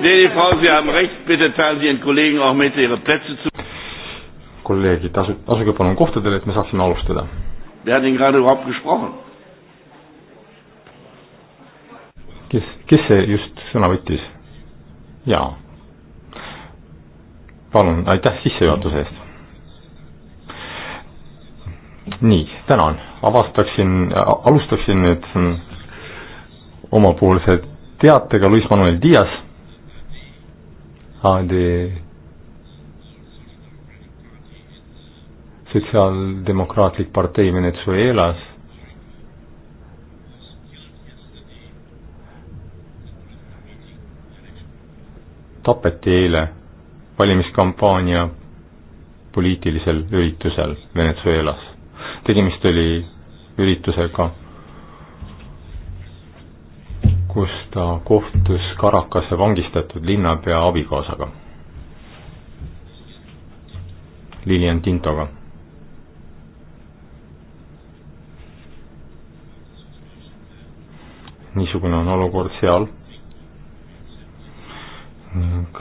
Nee, Frau, Sie haben recht, bitte teilen Sie Ihren Kollegen auch mit Ihre Plätze zu. kolleegid, asu-, asuge palun kohtadele, et me saaksime alustada. kes, kes see just sõna võttis? jaa. palun, aitäh sissejuhatuse eest. nii, tänan, avastaksin, alustaksin nüüd omapoolse teatega Luis Manuel Dias, AD Sotsiaaldemokraatlik Partei Venezuelas tapeti eile valimiskampaania poliitilisel üritusel Venezuelas. tegemist oli üritusega kus ta kohtus Karakase vangistatud linnapea abikaasaga, Lilian Tintoga. niisugune on olukord seal ning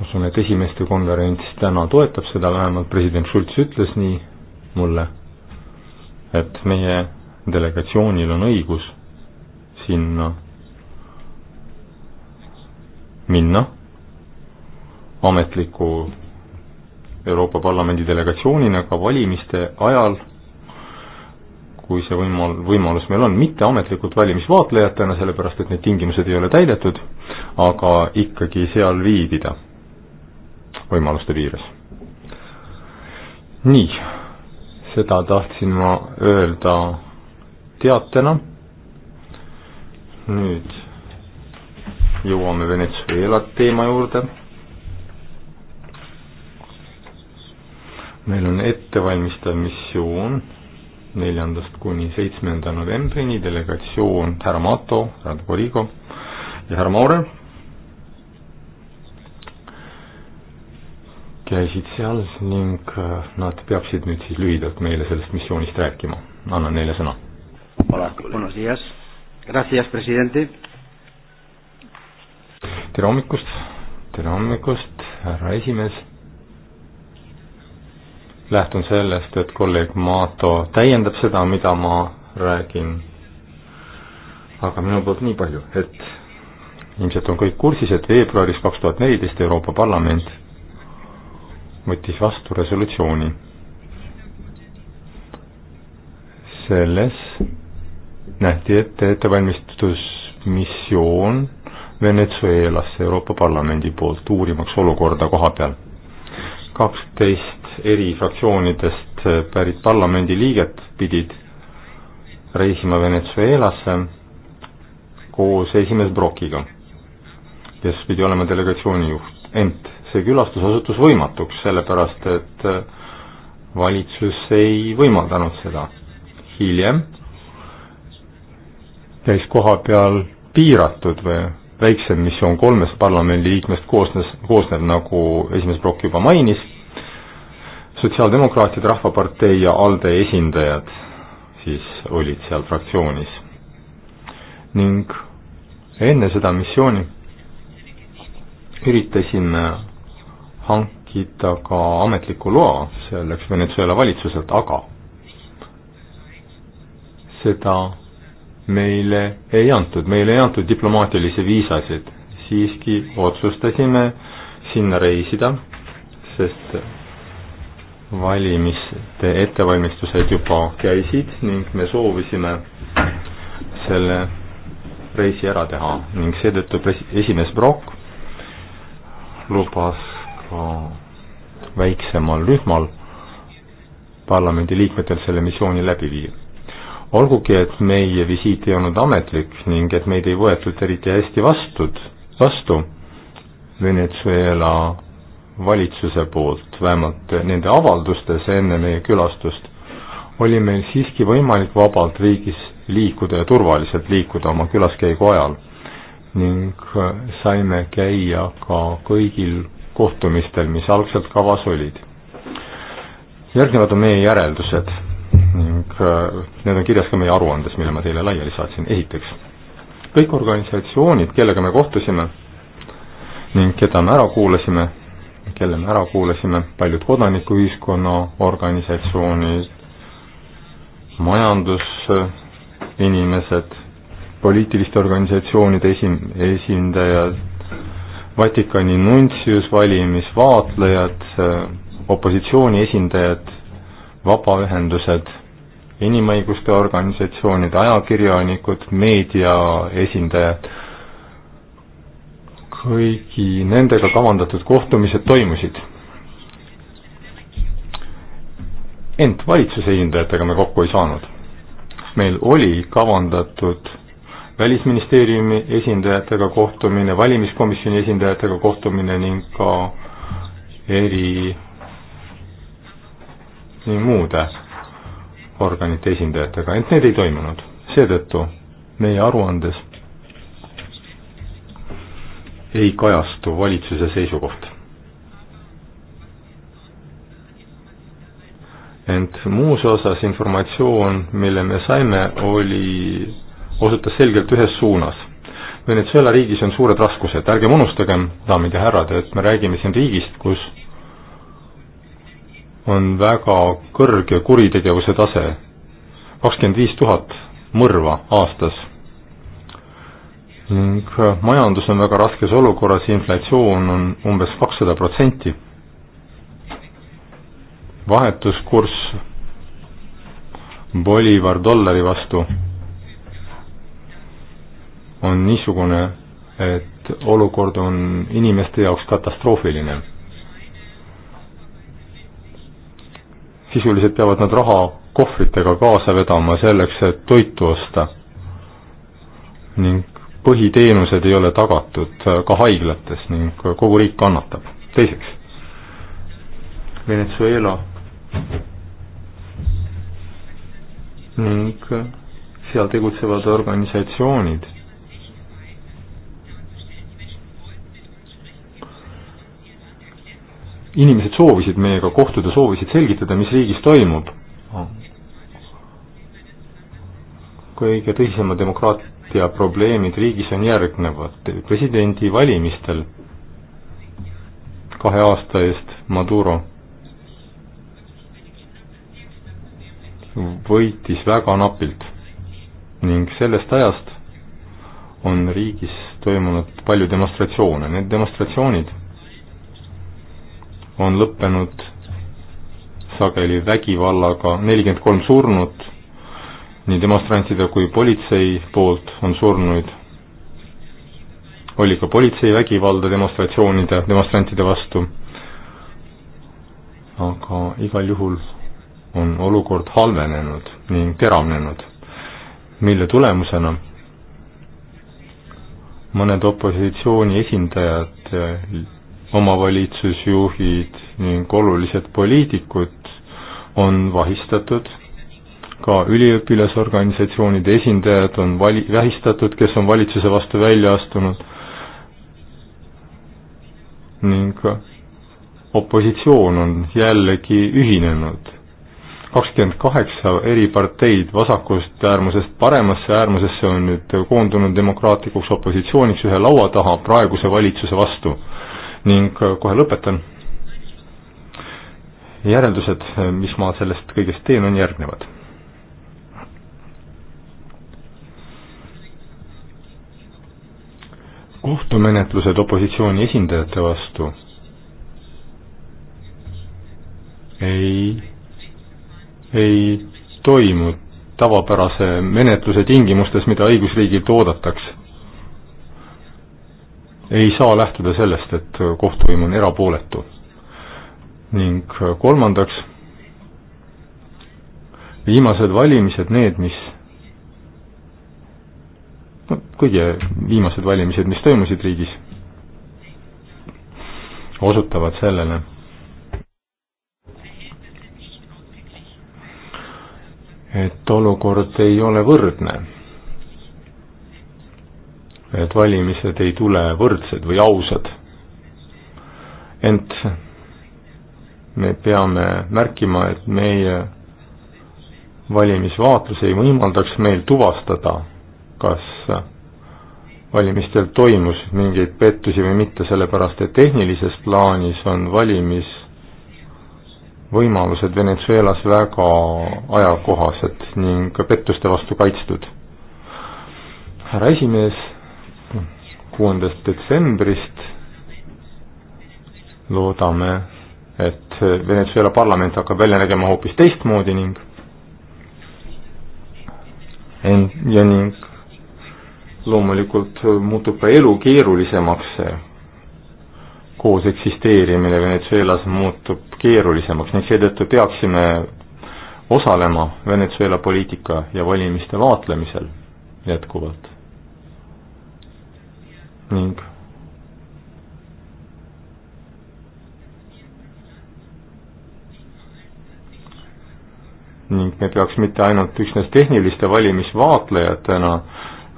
usun, et esimeste konverents täna toetab seda, vähemalt president Schulz ütles nii mulle, et meie delegatsioonil on õigus sinna minna ametliku Euroopa Parlamendi delegatsioonina ka valimiste ajal, kui see võimal-, võimalus meil on, mitte ametlikult valimisvaatlejatena, sellepärast et need tingimused ei ole täidetud, aga ikkagi seal viibida võimaluste piires. nii, seda tahtsin ma öelda teatena, nüüd jõuame Venezuela teema juurde. meil on ettevalmistav missioon neljandast kuni seitsmenda novembrini, delegatsioon härra Mato, härra Corigo ja härra Maurer käisid seal ning äh, nad peaksid nüüd siis lühidalt meile sellest missioonist rääkima. annan neile sõna. Buenos días, gracias presidente tere hommikust, tere hommikust, härra esimees. lähtun sellest, et kolleeg Maato täiendab seda, mida ma räägin. aga minu poolt nii palju, et ilmselt on kõik kursis, et veebruaris kaks tuhat neliteist Euroopa Parlament võttis vastu resolutsiooni selles nähti ette ettevalmistusmissioon Venezuelasse Euroopa Parlamendi poolt, uurimaks olukorda koha peal. kaksteist eri fraktsioonidest pärit parlamendiliiget pidid reisima Venezuelasse koos esimees Brokiga, kes pidi olema delegatsiooni juht, ent see külastus osutus võimatuks, sellepärast et valitsus ei võimaldanud seda. hiljem käis koha peal piiratud või väiksem missioon kolmest parlamendiliikmest koosnes, koosneb, nagu esimees Brock juba mainis, sotsiaaldemokraatide Rahvapartei ja ALDE esindajad siis olid seal fraktsioonis. ning enne seda missiooni üritasime hankida ka ametliku loa selleks Venezuela valitsuselt, aga seda meile ei antud, meile ei antud diplomaatilisi viisasid, siiski otsustasime sinna reisida, sest valimiste ettevalmistused juba käisid ning me soovisime selle reisi ära teha ning seetõttu pres-, esimees Brock lubas ka väiksemal rühmal parlamendiliikmetel selle missiooni läbi viia olgugi, et meie visiit ei olnud ametlik ning et meid ei võetud eriti hästi vastud, vastu Venezuela valitsuse poolt, vähemalt nende avaldustes enne meie külastust, oli meil siiski võimalik vabalt riigis liikuda ja turvaliselt liikuda oma külaskäigu ajal ning äh, saime käia ka kõigil kohtumistel, mis algselt kavas olid. järgnevad on meie järeldused ning äh, need on kirjas ka meie aruandes, mille ma teile laiali saatsin, esiteks kõik organisatsioonid, kellega me kohtusime ning keda me ära kuulasime, kelle me ära kuulasime, paljud kodanikuühiskonna organisatsioonid, majandusinimesed, äh, poliitiliste organisatsioonide esin-, esindajad, Vatikani nuntsius, valimisvaatlejad, äh, opositsiooni esindajad, vabaühendused inimõiguste organisatsioonid, ajakirjanikud, meedia esindajad, kõigi nendega kavandatud kohtumised toimusid. ent valitsuse esindajatega me kokku ei saanud. meil oli kavandatud välisministeeriumi esindajatega kohtumine, valimiskomisjoni esindajatega kohtumine ning ka eri ning muude organite esindajatega, ent need ei toimunud. seetõttu meie aruandes ei kajastu valitsuse seisukoht. ent muus osas informatsioon, mille me saime, oli, osutas selgelt ühes suunas. Venezuela riigis on suured raskused, ärgem unustagem, daamid ja härrad, et me räägime siin riigist, kus on väga kõrge kuritegevuse tase, kakskümmend viis tuhat mõrva aastas. ning äh, majandus on väga raskes olukorras, inflatsioon on umbes kakssada protsenti. vahetuskurss bolivar dollari vastu on niisugune, et olukord on inimeste jaoks katastroofiline sisuliselt peavad nad raha kohvritega kaasa vedama selleks, et toitu osta. ning põhiteenused ei ole tagatud äh, ka haiglates ning kogu riik kannatab. teiseks, Venezuela ning äh, seal tegutsevad organisatsioonid inimesed soovisid meiega kohtuda, soovisid selgitada, mis riigis toimub. kõige tõsisema demokraatia probleemid riigis on järgnevad. presidendivalimistel kahe aasta eest Maduro võitis väga napilt ning sellest ajast on riigis toimunud palju demonstratsioone. Need demonstratsioonid on lõppenud sageli vägivallaga, nelikümmend kolm surnut nii demonstrantide kui politsei poolt on surnuid. oli ka politsei vägivalda demonstratsioonide, demonstrantide vastu. aga igal juhul on olukord halvenenud ning teravnenud, mille tulemusena mõned opositsiooni esindajad omavalitsusjuhid ning olulised poliitikud on vahistatud, ka üliõpilasorganisatsioonide esindajad on vali-, vähistatud, kes on valitsuse vastu välja astunud ning opositsioon on jällegi ühinenud. kakskümmend kaheksa eri parteid vasakust äärmusest paremasse äärmusesse on nüüd koondunud demokraatlikuks opositsiooniks ühe laua taha praeguse valitsuse vastu ning äh, kohe lõpetan. järeldused, äh, mis ma sellest kõigest teen, on järgnevad. kohtumenetlused opositsiooni esindajate vastu ei, ei toimu tavapärase menetluse tingimustes, mida õigusriigilt oodataks ei saa lähtuda sellest, et kohtuvõim on erapooletu. ning äh, kolmandaks, viimased valimised, need, mis no kõige viimased valimised, mis toimusid riigis, osutavad sellele, et olukord ei ole võrdne et valimised ei tule võrdsed või ausad. ent me peame märkima, et meie valimisvaatlus ei võimaldaks meil tuvastada, kas valimistel toimus mingeid pettusi või mitte, sellepärast et tehnilises plaanis on valimisvõimalused Venezuelas väga ajakohased ning pettuste vastu kaitstud. härra esimees kuuendast detsembrist loodame, et Venezuela parlament hakkab välja nägema hoopis teistmoodi ning ja ning loomulikult muutub ka elu keerulisemaks, koos eksisteerimine Venezuelas muutub keerulisemaks ning seetõttu peaksime osalema Venezuela poliitika ja valimiste vaatlemisel jätkuvalt ning ning me peaks mitte ainult üksnes tehniliste valimisvaatlejatena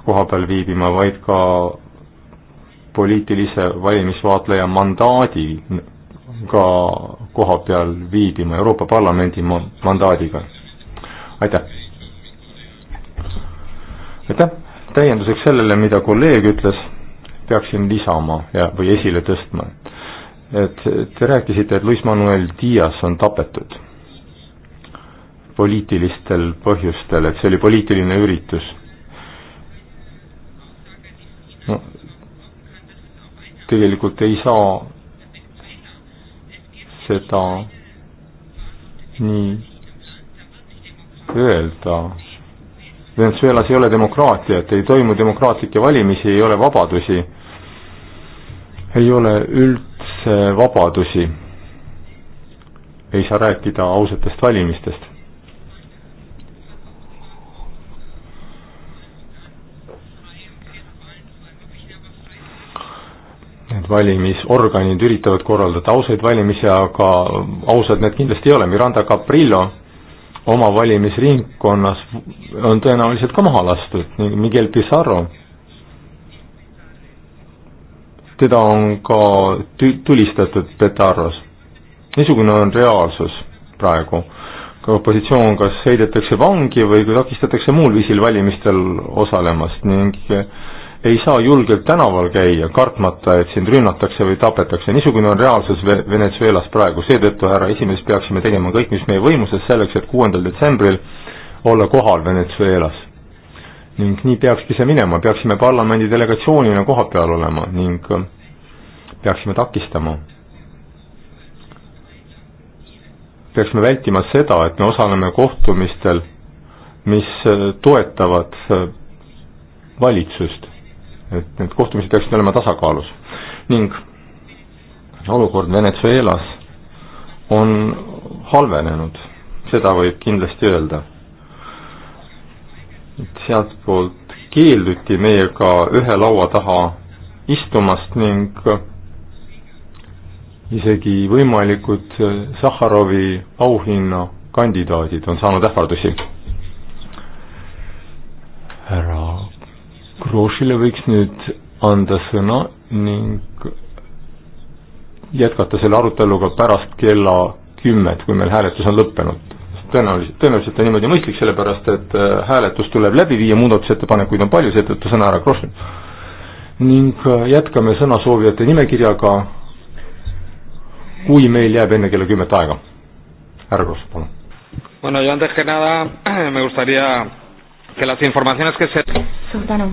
koha peal viibima, vaid ka poliitilise valimisvaatleja mandaadiga koha peal viibima, Euroopa Parlamendi mandaadiga. aitäh! aitäh, täienduseks sellele, mida kolleeg ütles peaksin lisama ja, või esile tõstma. et te rääkisite, et Luis Manuel Dias on tapetud poliitilistel põhjustel, et see oli poliitiline üritus. no tegelikult ei saa seda nii öelda Venezuelas ei ole demokraatiat, ei toimu demokraatlikke valimisi, ei ole vabadusi, ei ole üldse vabadusi. ei saa rääkida ausatest valimistest. Need valimisorganid üritavad korraldada ausaid valimisi, aga ausad need kindlasti ei ole, Miranda Caprillo oma valimisringkonnas on tõenäoliselt ka maha lastud, Miguel Pizarro, teda on ka tü-, tulistatud Petarros. niisugune on reaalsus praegu. ka opositsioon kas heidetakse vangi või takistatakse muul viisil valimistel osalemast ning äh, ei saa julgelt tänaval käia, kartmata, et sind rünnatakse või tapetakse, niisugune on reaalsus Venezuelas praegu, seetõttu, härra esimees, peaksime tegema kõik, mis meie võimuses, selleks et kuuendal detsembril olla kohal Venezuelas. ning nii peakski see minema, peaksime parlamendi delegatsioonina koha peal olema ning äh, peaksime takistama. peaksime vältima seda, et me osaleme kohtumistel, mis äh, toetavad äh, valitsust et need kohtumised peaksid olema tasakaalus ning olukord Venezuelas on halvenenud, seda võib kindlasti öelda. sealtpoolt keelduti meiega ühe laua taha istumast ning isegi võimalikud Sahharovi auhinna kandidaadid on saanud ähvardusi. härra Groosile võiks nüüd anda sõna ning jätkata selle aruteluga pärast kella kümmet, kui meil hääletus on lõppenud. tõenäoliselt, tõenäoliselt on niimoodi mõistlik, sellepärast et äh, hääletus tuleb läbi viia, muudatusettepanekuid on palju, seetõttu sõna härra Groosile. ning äh, jätkame sõnasoovijate nimekirjaga, kui meil jääb enne kella kümmet aega. härra Groos, palun. Bueno, yo antes que nada me gustaría que las informaciones que se... Suur tänu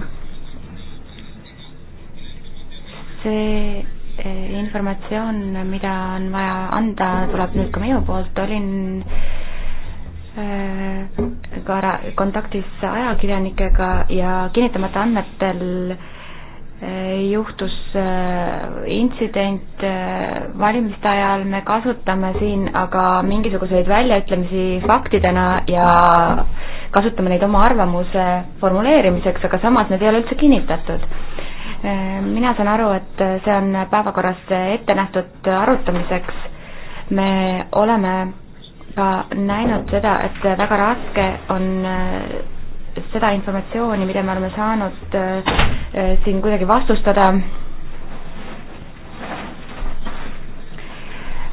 see eh, informatsioon, mida on vaja anda, tuleb nüüd ka minu poolt, olin eh, ka kontaktis ajakirjanikega ja kinnitamata andmetel eh, juhtus intsident valimiste ajal, me kasutame siin aga mingisuguseid väljaütlemisi faktidena ja kasutame neid oma arvamuse formuleerimiseks, aga samas need ei ole üldse kinnitatud Ehm, mina saan aru, et see on päevakorras ette nähtud arutamiseks. me oleme ka näinud seda, et väga raske on eh, seda informatsiooni, mida me oleme saanud eh, siin kuidagi vastustada.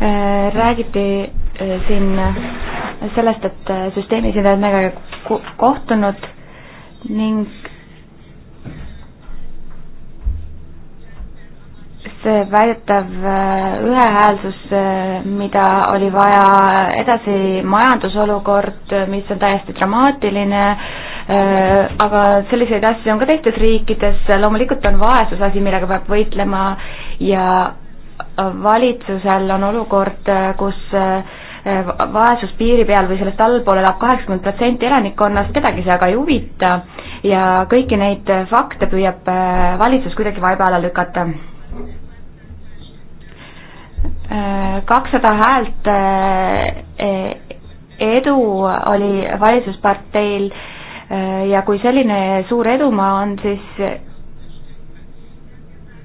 Eh, räägiti siin sellest, et süsteemisindajad on väga kohtunud ning see väidetav äh, ühehäälsus, äh, mida oli vaja edasi, majandusolukord, äh, mis on täiesti dramaatiline, aga selliseid asju on ka teistes riikides, loomulikult on vaesus asi, millega peab võitlema ja valitsusel on olukord, kus vaesus piiri peal või sellest allpool elab kaheksakümmend protsenti elanikkonnast, kedagi see aga ei huvita ja kõiki neid fakte püüab valitsus kuidagi vaiba alla lükata Äh, kakssada häält äh, e-, edu oli valitsusparteil äh, ja kui selline suur edumaa on, siis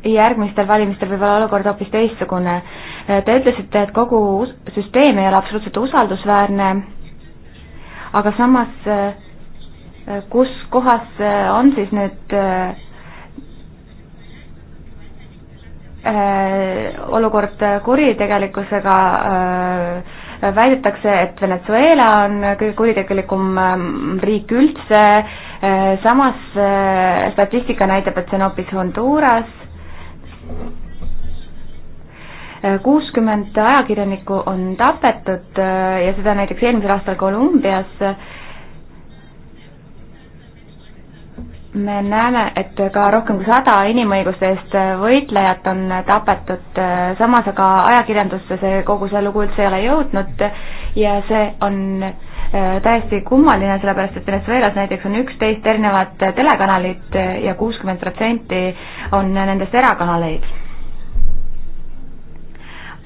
järgmistel valimistel võib olla olukord hoopis teistsugune. Te ütlesite, et kogu süsteem ei ole absoluutselt usaldusväärne, aga samas kus kohas on siis nüüd Äh, olukord kuritegelikkusega äh, väidetakse, et Venezuela on kõige kuritegelikum ähm, riik üldse, äh, samas statistika näitab, et see on hoopis Honduras. kuuskümmend ajakirjanikku on tapetud ja seda näiteks eelmisel aastal Kolumbias me näeme, et ka rohkem kui sada inimõiguste eest äh, võitlejat on äh, tapetud, äh, samas aga ajakirjandusse see, kogu see lugu üldse ei ole jõudnud ja see on täiesti kummaline, sellepärast et Venezuelas näiteks on üksteist erinevat telekanalit ja kuuskümmend protsenti on nendest erakanaleid.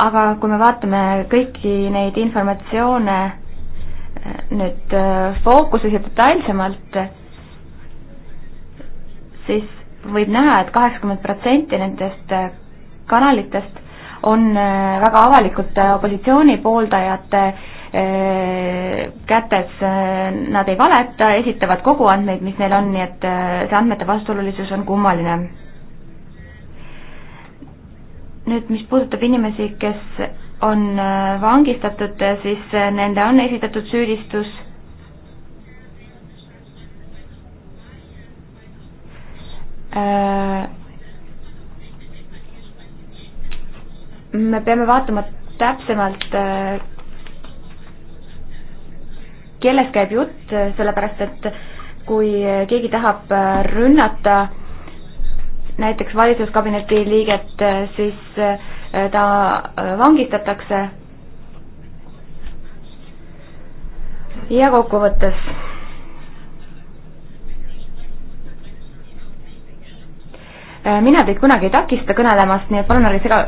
aga kui me vaatame kõiki neid informatsioone nüüd fookuses ja detailsemalt, siis võib näha et, et kaheksakümmend protsenti nendest äh, kanalitest on äh, väga avalikult äh, opositsiooni pooldajate kätes, nad ei valeta, esitavad kogu andmeid, mis neil on, nii et see andmete vastuolulisus on kummaline. nüüd, mis puudutab inimesi, kes on vangistatud, siis nende on esitatud süüdistus Äh, me peame vaatama täpsemalt, äh, kellest käib jutt, sellepärast et kui keegi tahab äh, rünnata näiteks valitsuskabineti liiget, siis ta vangistatakse. ja kokkuvõttes Äh, mina teid kunagi ei takista kõnelemast, nii et palun ärge sega,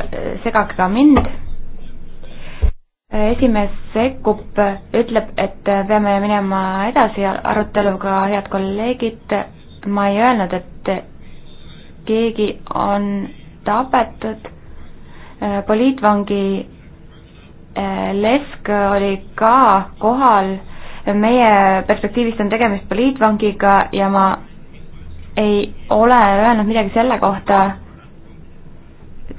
segage ka mind. Äh, esimees sekkub, ütleb, et äh, peame minema edasi aruteluga, head kolleegid, ma ei öelnud, et keegi on tapetud, poliitvangi Lesk oli ka kohal, meie perspektiivist on tegemist poliitvangiga ja ma ei ole öelnud midagi selle kohta,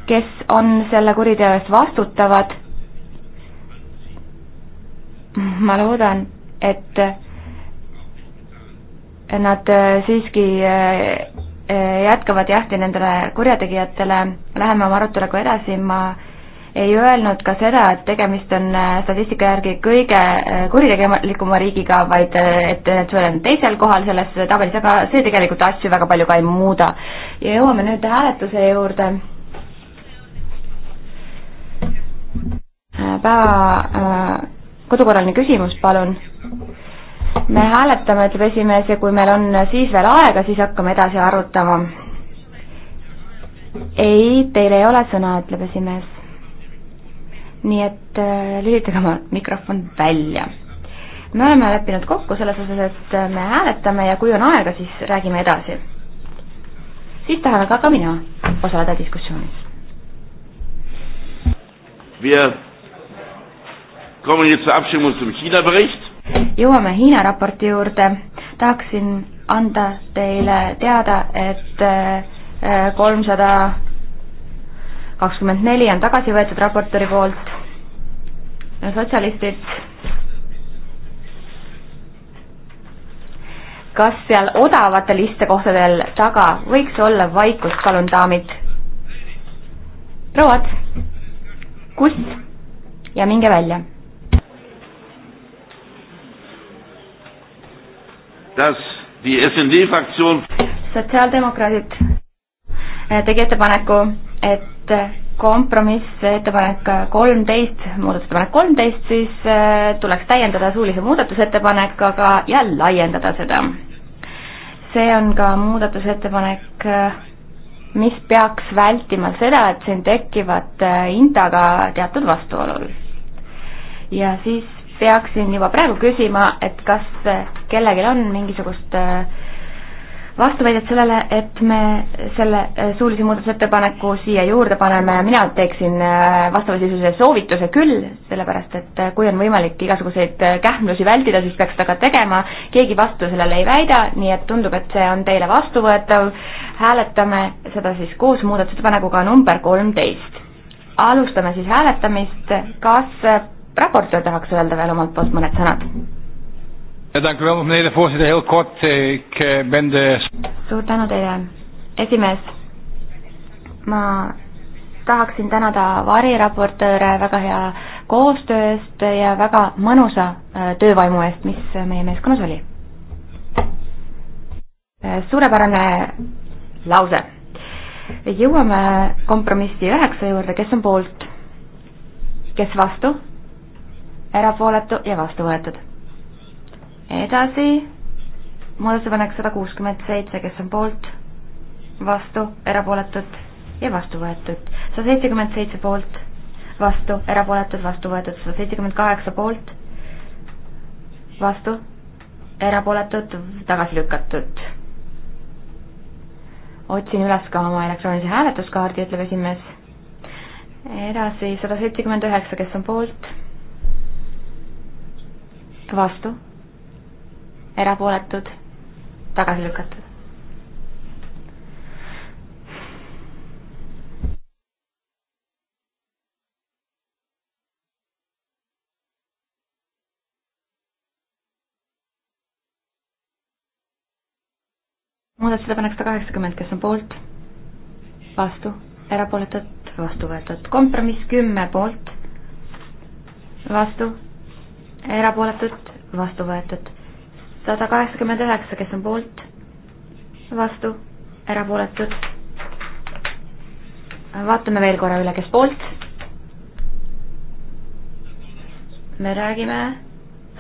kes on selle kuriteo eest vastutavad. ma loodan, et nad siiski eh, eh, jätkavad jahti nendele kurjategijatele, läheme oma aruteluga edasi, ma ei öelnud ka seda, et tegemist on äh, statistika järgi kõige äh, kuritegelikuma riigiga, vaid äh, et Venezuela on teisel kohal selles tabelis, aga see tegelikult asju väga palju ka ei muuda. ja jõuame nüüd hääletuse juurde. päeva, kodukorraline küsimus, palun. me hääletame, ütleb esimees, ja kui meil on siis veel aega, siis hakkame edasi arutama. ei, teil ei ole sõna, ütleb esimees nii et äh, lülitage oma mikrofon välja. me oleme leppinud kokku selles osas, et äh, me hääletame ja kui on aega, siis räägime edasi. siis tahan aga ka mina osaleda diskussioonis. jõuame Hiina raporti juurde, tahaksin anda teile teada, et äh, kolmsada kakskümmend neli on tagasi võetud raportööri poolt, sotsialistid. kas seal odavatel istekohtadel taga võiks olla vaikust, palun, daamid? prouad, kus ja minge välja. sotsiaaldemokraadid tegi ettepaneku, et et kompromiss, ettepanek kolmteist, muudatusettepanek kolmteist, siis äh, tuleks täiendada suulise muudatusettepanekaga ja laiendada seda. see on ka muudatusettepanek, äh, mis peaks vältima seda, et siin tekivad äh, hindaga teatud vastuolul. ja siis peaksin juba praegu küsima, et kas kellelgi on mingisugust äh, vastuväidet sellele, et me selle äh, suulise muudatusettepaneku siia juurde paneme, mina teeksin äh, vastavasisulise soovituse küll, sellepärast et äh, kui on võimalik igasuguseid kähmlusi vältida, siis peaks seda ka tegema, keegi vastu sellele ei väida, nii et tundub, et see on teile vastuvõetav, hääletame seda siis koos muudatusettepanekuga number kolmteist. alustame siis hääletamist, kas raportöör tahaks öelda veel omalt poolt mõned sõnad? Dank u wel, meneer de voorzitter. Heel kort, ik eh, ben de... Suur tänu teile, esimees. Ma tahaksin tänada variraportööre väga hea koostöö eest ja väga mõnusa eh, töövaimu eest, mis meie meeskonnas oli. Eh, suurepärane lause. jõuame kompromissi üheksa juurde, kes on poolt, kes vastu, erapooletu ja vastu võetud edasi, muudatusepanek sada kuuskümmend seitse, kes on poolt, vastu, erapooletud ja vastu võetud. sada seitsekümmend seitse poolt, vastu, erapooletud, vastu võetud, sada seitsekümmend kaheksa poolt, vastu, erapooletud, tagasi lükatud. otsin üles ka oma elektroonilise hääletuskaardi, ütleb esimees. edasi sada seitsekümmend üheksa, kes on poolt, vastu erapooletud, tagasi lükatud. muudatusettepanek sada kaheksakümmend, kes on poolt, vastu, erapooletud, vastu võetud. kompromiss kümme poolt, vastu, erapooletud, vastu võetud sada kaheksakümmend üheksa, kes on poolt, vastu, erapooletud. vaatame veel korra üle, kes poolt. me räägime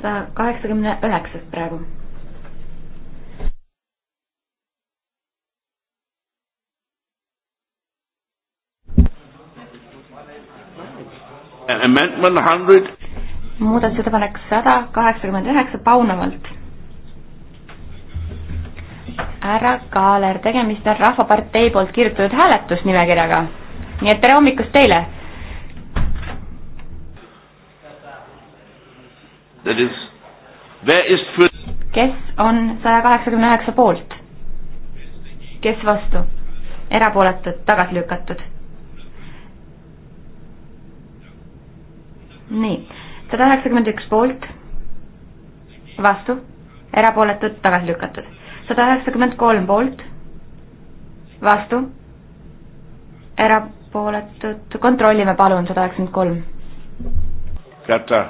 sada kaheksakümne üheksast praegu amendment hundred. muudatusettepanek sada kaheksakümmend üheksa Paunavalt härra Kaaler, tegemist on Rahvapartei poolt kirjutatud hääletusnimekirjaga. nii et tere hommikust teile! kes on saja kaheksakümne üheksa poolt? kes vastu? erapooletud, tagasi lükatud. nii, sada üheksakümmend üks poolt, vastu, erapooletud, tagasi lükatud sada üheksakümmend kolm poolt, vastu, erapooletud, kontrollime palun, sada üheksakümmend kolm. Kätte.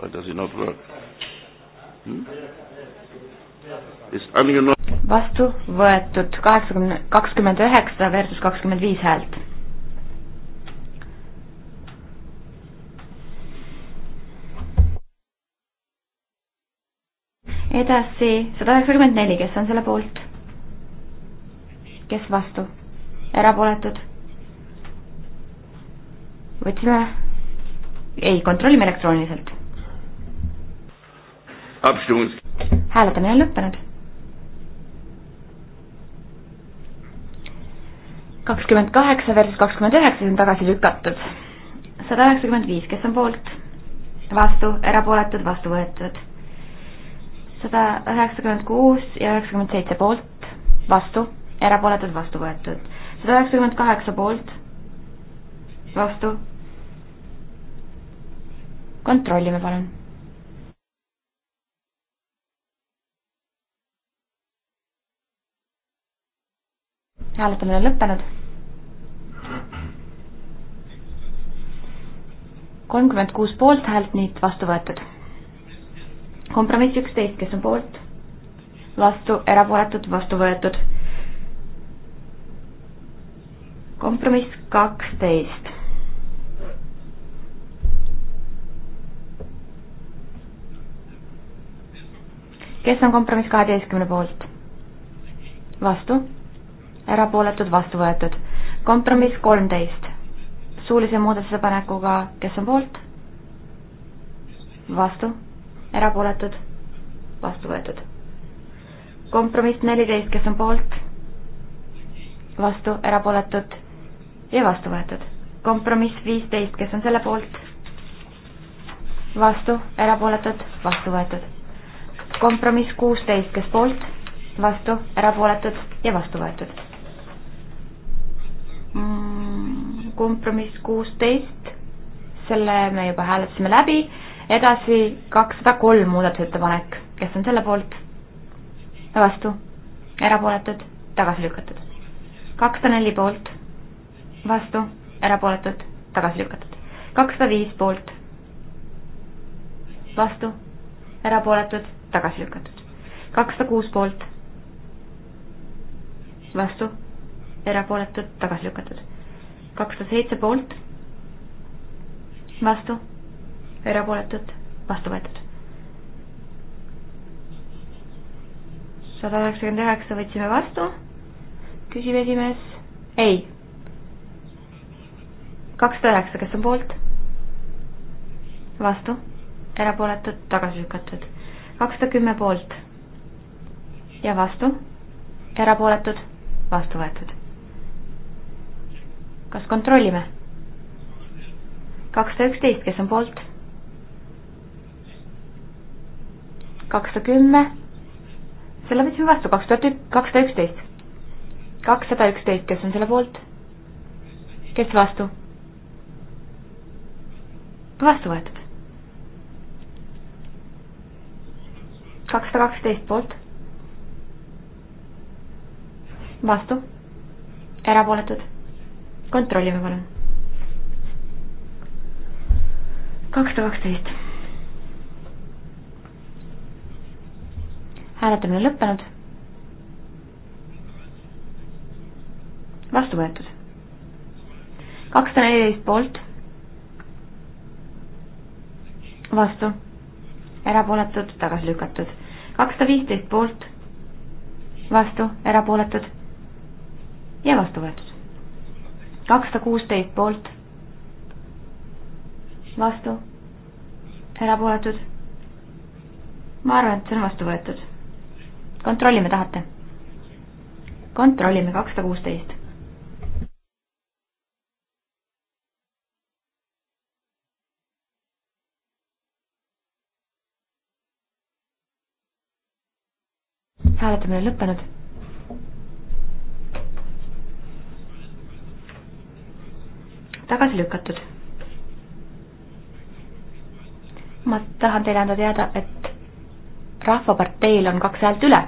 Why does it not work? Hmm? vastu võetud kaheksakümne, kakskümmend üheksa versus kakskümmend viis häält edasi sada üheksakümmend neli, kes on selle poolt? kes vastu? erapooletud? võtsime, ei, kontrollime elektrooniliselt. hääletamine on lõppenud. kakskümmend kaheksa versus kakskümmend üheksa, see on tagasi lükatud. sada üheksakümmend viis, kes on poolt? vastu, erapooletud, vastu võetud sada üheksakümmend kuus ja üheksakümmend seitse poolt, vastu, erapooletud, vastu võetud. sada üheksakümmend kaheksa poolt, vastu. kontrollime, palun. hääletamine on lõppenud. kolmkümmend kuus poolthäält, nii et vastu võetud kompromiss üksteist, kes on poolt, vastu, erapooletud, vastu võetud. kompromiss kaksteist. kes on kompromiss kaheteistkümne poolt? vastu, erapooletud, vastu võetud. kompromiss kolmteist, suulise muudatusettepanekuga, kes on poolt? vastu erapooletud, vastu võetud. kompromiss neliteist, kes on poolt, vastu, erapooletud ja vastu võetud. kompromiss viisteist, kes on selle poolt, vastu, erapooletud, vastu võetud. kompromiss kuusteist, kes poolt, vastu, erapooletud ja vastu võetud mm,. kompromiss kuusteist, selle me juba hääletasime läbi edasi kakssada kolm muudatusettepanek, kes on selle poolt? vastu, erapooletud, tagasi lükatud. kakssada neli poolt, vastu, erapooletud, tagasi lükatud. kakssada viis poolt, vastu, erapooletud, tagasi lükatud. kakssada kuus poolt, vastu, erapooletud, tagasi lükatud. kakssada seitse poolt, vastu erapooletud, vastu võetud. sada üheksakümmend üheksa võtsime vastu, küsib esimees, ei. kakssada üheksa, kes on poolt? vastu, erapooletud, tagasi lükatud. kakssada kümme poolt ja vastu, erapooletud, vastu võetud. kas kontrollime? kakssada üksteist, kes on poolt kakssada kümme, selle võtsime vastu, kaks tuhat ük-, kakssada üksteist. kakssada üksteist, kes on selle poolt? kes vastu? vastu võetud. kakssada kaksteist poolt. vastu. erapooletud. kontrollime palun. kakssada kaksteist hääletamine lõppenud. vastu võetud. kakssada neliteist poolt. vastu. erapooletud, tagasi lükatud. kakssada viisteist poolt. vastu, erapooletud ja vastu võetud. kakssada kuusteist poolt. vastu, erapooletud. ma arvan, et see on vastu võetud kontrollime, tahate? kontrollime, kakssada kuusteist. hääletamine lõppenud. tagasi lükatud. ma tahan teile anda teada, et rahvaparteil on kaks häält üle.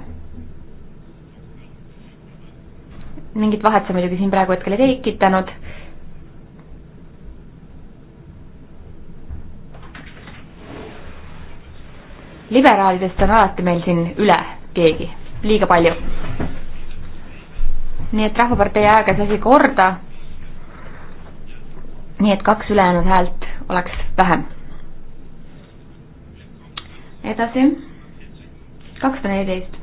mingit vahet see muidugi siin praegu hetkel ei tekitanud. liberaalidest on alati meil siin üle keegi, liiga palju. nii et Rahvapartei ajage see asi korda. nii et kaks ülejäänud häält oleks vähem. edasi kakssada neliteist.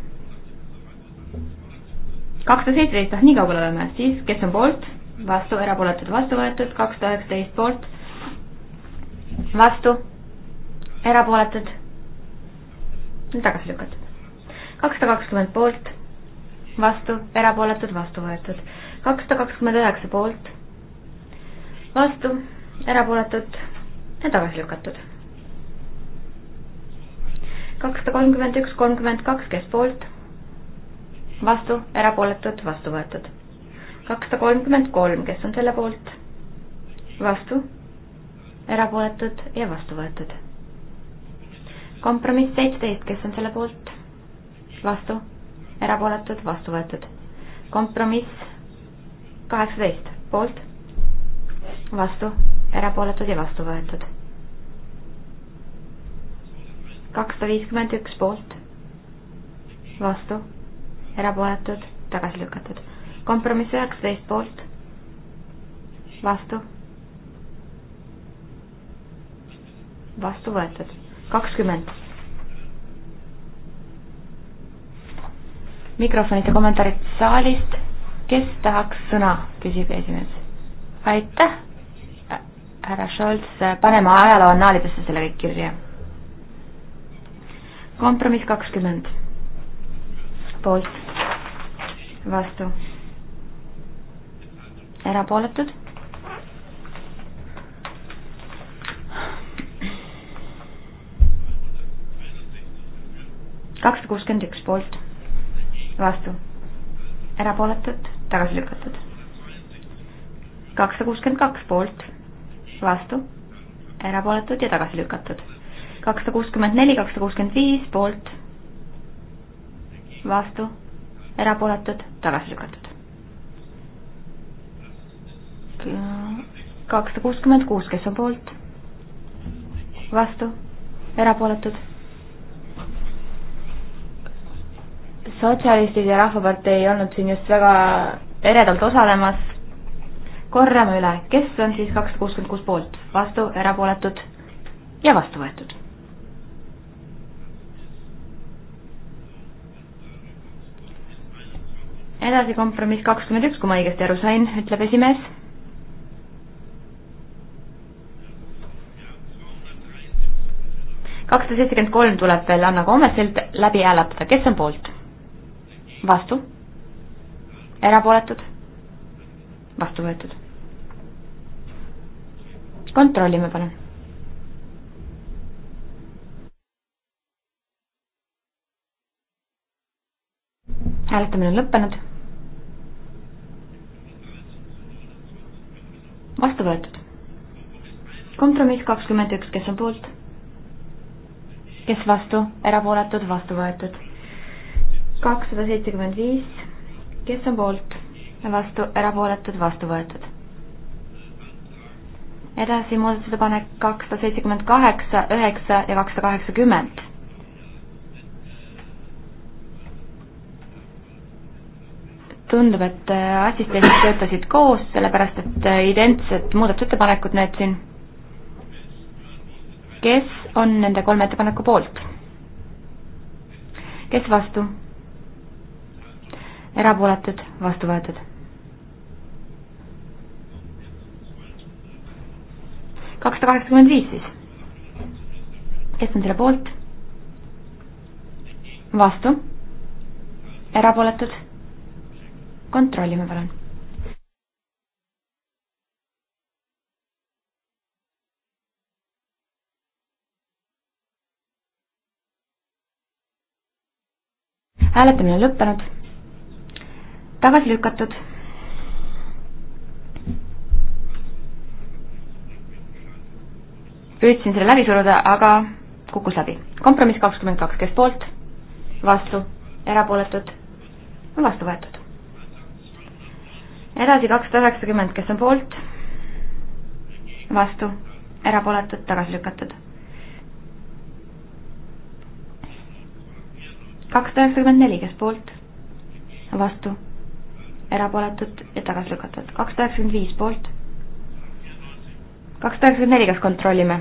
kakssada seitseteist, ah nii kaugele oleme, siis kes on poolt, vastu, erapooletud, vastu võetud, kakssada üheksateist poolt, vastu, erapooletud, tagasi lükatud. kakssada kakskümmend poolt, vastu, erapooletud, vastu võetud. kakssada kakskümmend üheksa poolt, vastu, erapooletud ja tagasi lükatud kakssada kolmkümmend üks, kolmkümmend kaks, kes poolt, vastu, erapooletud, vastu võetud. kakssada kolmkümmend kolm, kes on selle poolt, vastu, erapooletud ja vastu võetud. kompromiss seitseteist, kes on selle poolt, vastu, erapooletud, vastu võetud. kompromiss kaheksateist, poolt, vastu, erapooletud ja vastu võetud kakssada viiskümmend üks poolt, vastu, erapooletud, tagasi lükatud. kompromiss üheksateist poolt, vastu, vastu võetud, kakskümmend. mikrofonid ja kommentaarid saalist, kes tahaks sõna, küsib esimees. aitäh, härra Scholz, paneme ajaloo annaalidesse selle kõik kirja kompromiss kakskümmend. poolt, vastu, erapooletud. kakssada kuuskümmend üks poolt, vastu, erapooletud, tagasi lükatud. kakssada kuuskümmend kaks poolt, vastu, erapooletud ja tagasi lükatud kakssada kuuskümmend neli, kakssada kuuskümmend viis poolt, vastu, erapooletud, tagasi lükatud. kakssada kuuskümmend kuus, kes on poolt, vastu, erapooletud. sotsialistid ja Rahvapartei ei olnud siin just väga eredalt osalemas. korrame üle, kes on siis kakssada kuuskümmend kuus poolt, vastu, erapooletud ja vastu võetud edasi kompromiss kakskümmend üks, kui ma õigesti aru sain, ütleb esimees. kakssada seitsekümmend kolm tuleb veel Anna Koomeselt läbi hääletada, kes on poolt? vastu? erapooletud? vastu võetud? kontrollime palun hääletamine on lõppenud. vastu võetud. kompromiss kakskümmend üks, kes on poolt? kes vastu, erapooletud, vastu võetud. kakssada seitsekümmend viis, kes on poolt, vastu, erapooletud, vastu võetud. edasi muudatusettepanek kakssada seitsekümmend kaheksa, üheksa ja kakssada kaheksakümmend tundub, et äh, assistendid töötasid koos, sellepärast et äh, identsed muudatusettepanekud need siin. kes on nende kolme ettepaneku poolt? kes vastu? erapooletud, vastu võetud. kakssada kaheksakümmend viis siis. kes on selle poolt? vastu? erapooletud kontrollime palun. hääletamine on lõppenud, tagasi lükatud. püüdsin selle läbi suruda, aga kukkus läbi. kompromiss kakskümmend kaks, kes poolt, vastu, erapooletud, on vastu võetud edasi kakssada üheksakümmend, kes on poolt, vastu, erapooletud, tagasi lükatud. kakssada üheksakümmend neli, kes poolt, vastu, erapooletud ja tagasi lükatud. kakssada üheksakümmend viis poolt, kakssada üheksakümmend neli, kas kontrollime?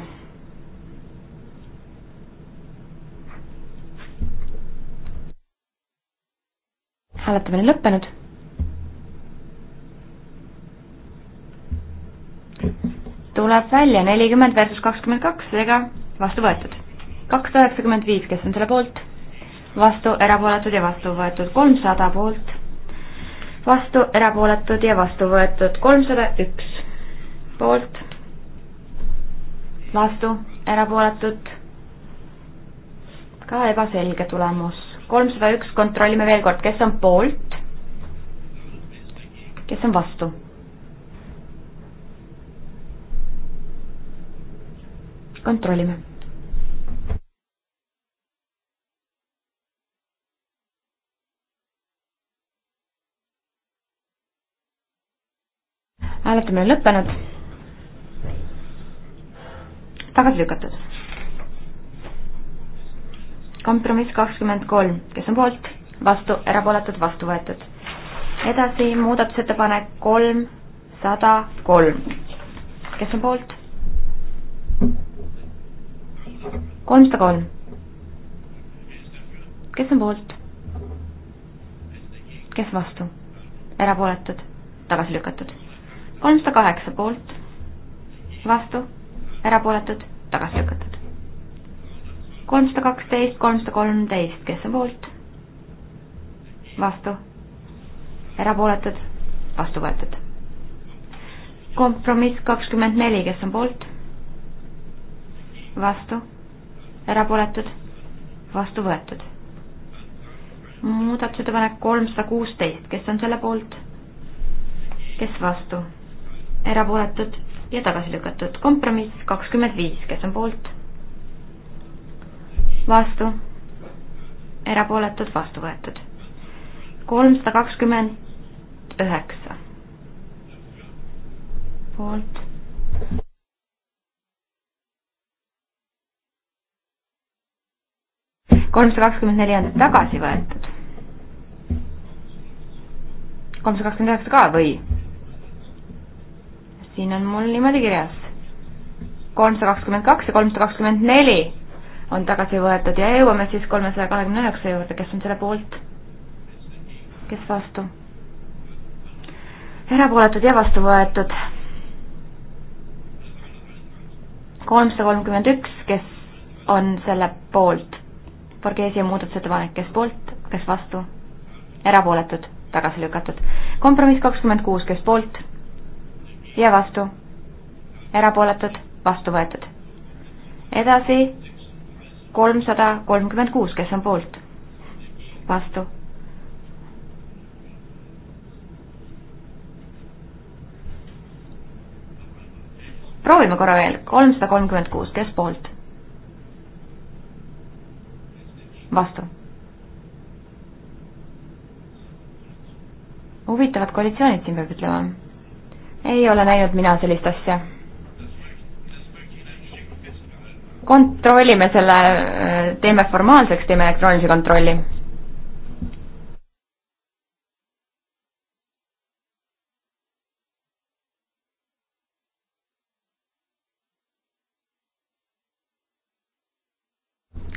hääletamine lõppenud tuleb välja nelikümmend versus kakskümmend kaks, seega vastu võetud. kakssada üheksakümmend viis, kes on selle poolt, vastu, erapooletud ja vastu võetud, kolmsada poolt, vastu, erapooletud ja vastu võetud, kolmsada üks poolt, vastu, erapooletud, ka ebaselge tulemus. kolmsada üks, kontrollime veel kord, kes on poolt, kes on vastu kontrollime. hääletamine on lõppenud. tagasi lükatud. kompromiss kakskümmend kolm, kes on poolt, vastu, erapooletud, vastu võetud. edasi muudatusettepanek kolmsada kolm, kes on poolt kolmsada kolm. kes on poolt? kes vastu? erapooletud, tagasi lükatud. kolmsada kaheksa poolt, vastu, erapooletud, tagasi lükatud. kolmsada kaksteist, kolmsada kolmteist, kes on poolt? vastu, erapooletud, vastu võetud. kompromiss kakskümmend neli, kes on poolt? vastu erapooletud, vastu võetud. muudatusettepanek kolmsada kuusteist, kes on selle poolt, kes vastu, erapooletud ja tagasi lükatud. kompromiss kakskümmend viis, kes on poolt, vastu, erapooletud, vastu võetud. kolmsada kakskümmend üheksa, poolt kolmsada kakskümmend neli on tagasi võetud. kolmsada kakskümmend üheksa ka või? siin on mul niimoodi kirjas. kolmsada kakskümmend kaks ja kolmsada kakskümmend neli on tagasi võetud ja jõuame siis kolmesaja kahekümne üheksa juurde, kes on selle poolt, kes vastu? erapooletud ja vastu võetud. kolmsada kolmkümmend üks, kes on selle poolt, Borghesi muudatusettepanek, kes poolt, kes vastu, erapooletud, tagasi lükatud. kompromiss kakskümmend kuus, kes poolt ja vastu, erapooletud, vastu võetud. edasi kolmsada kolmkümmend kuus, kes on poolt, vastu proovime korra veel, kolmsada kolmkümmend kuus, kes poolt? vastu. huvitavad koalitsioonid siin peab ütlema. ei ole näinud mina sellist asja. kontrollime selle, äh, teeme formaalseks, teeme elektroonilise kontrolli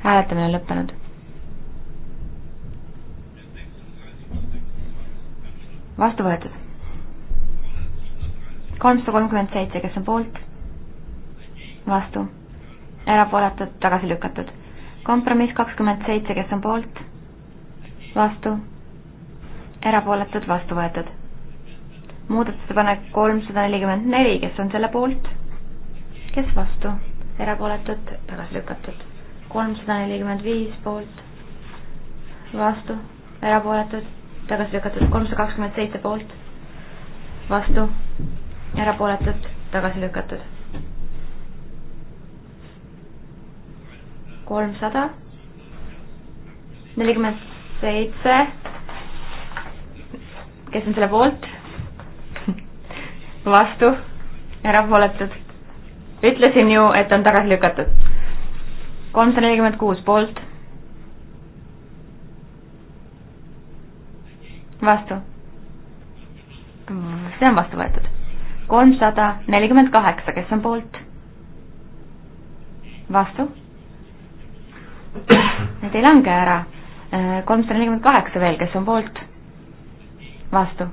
hääletamine on lõppenud. vastu võetud. kolmsada kolmkümmend seitse, kes on poolt? vastu. erapooletud, tagasi lükatud. kompromiss kakskümmend seitse, kes on poolt? vastu. erapooletud, vastu võetud. muudatusettepanek kolmsada nelikümmend neli, kes on selle poolt? kes vastu? erapooletud, tagasi lükatud. kolmsada nelikümmend viis poolt, vastu, erapooletud tagasi lükatud kolmsada kakskümmend seitse poolt, vastu, erapooletud, tagasi lükatud. kolmsada, nelikümmend seitse, kes on selle poolt, vastu, erapooletud. ütlesin ju, et on tagasi lükatud. kolmsada nelikümmend kuus poolt vastu. see on vastu võetud. kolmsada nelikümmend kaheksa, kes on poolt? vastu. Need ei lange ära. kolmsada nelikümmend kaheksa veel, kes on poolt? vastu.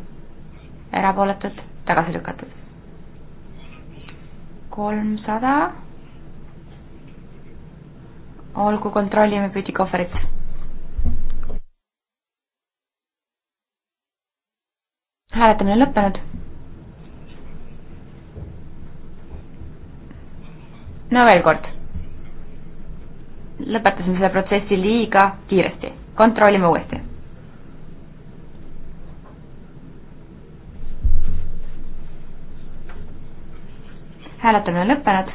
erapooletud, tagasi lükatud. kolmsada. olgu, kontrollime pütikohverit hääletamine lõppenud. no veel kord. lõpetasime selle protsessi liiga kiiresti, kontrollime uuesti. hääletamine on lõppenud.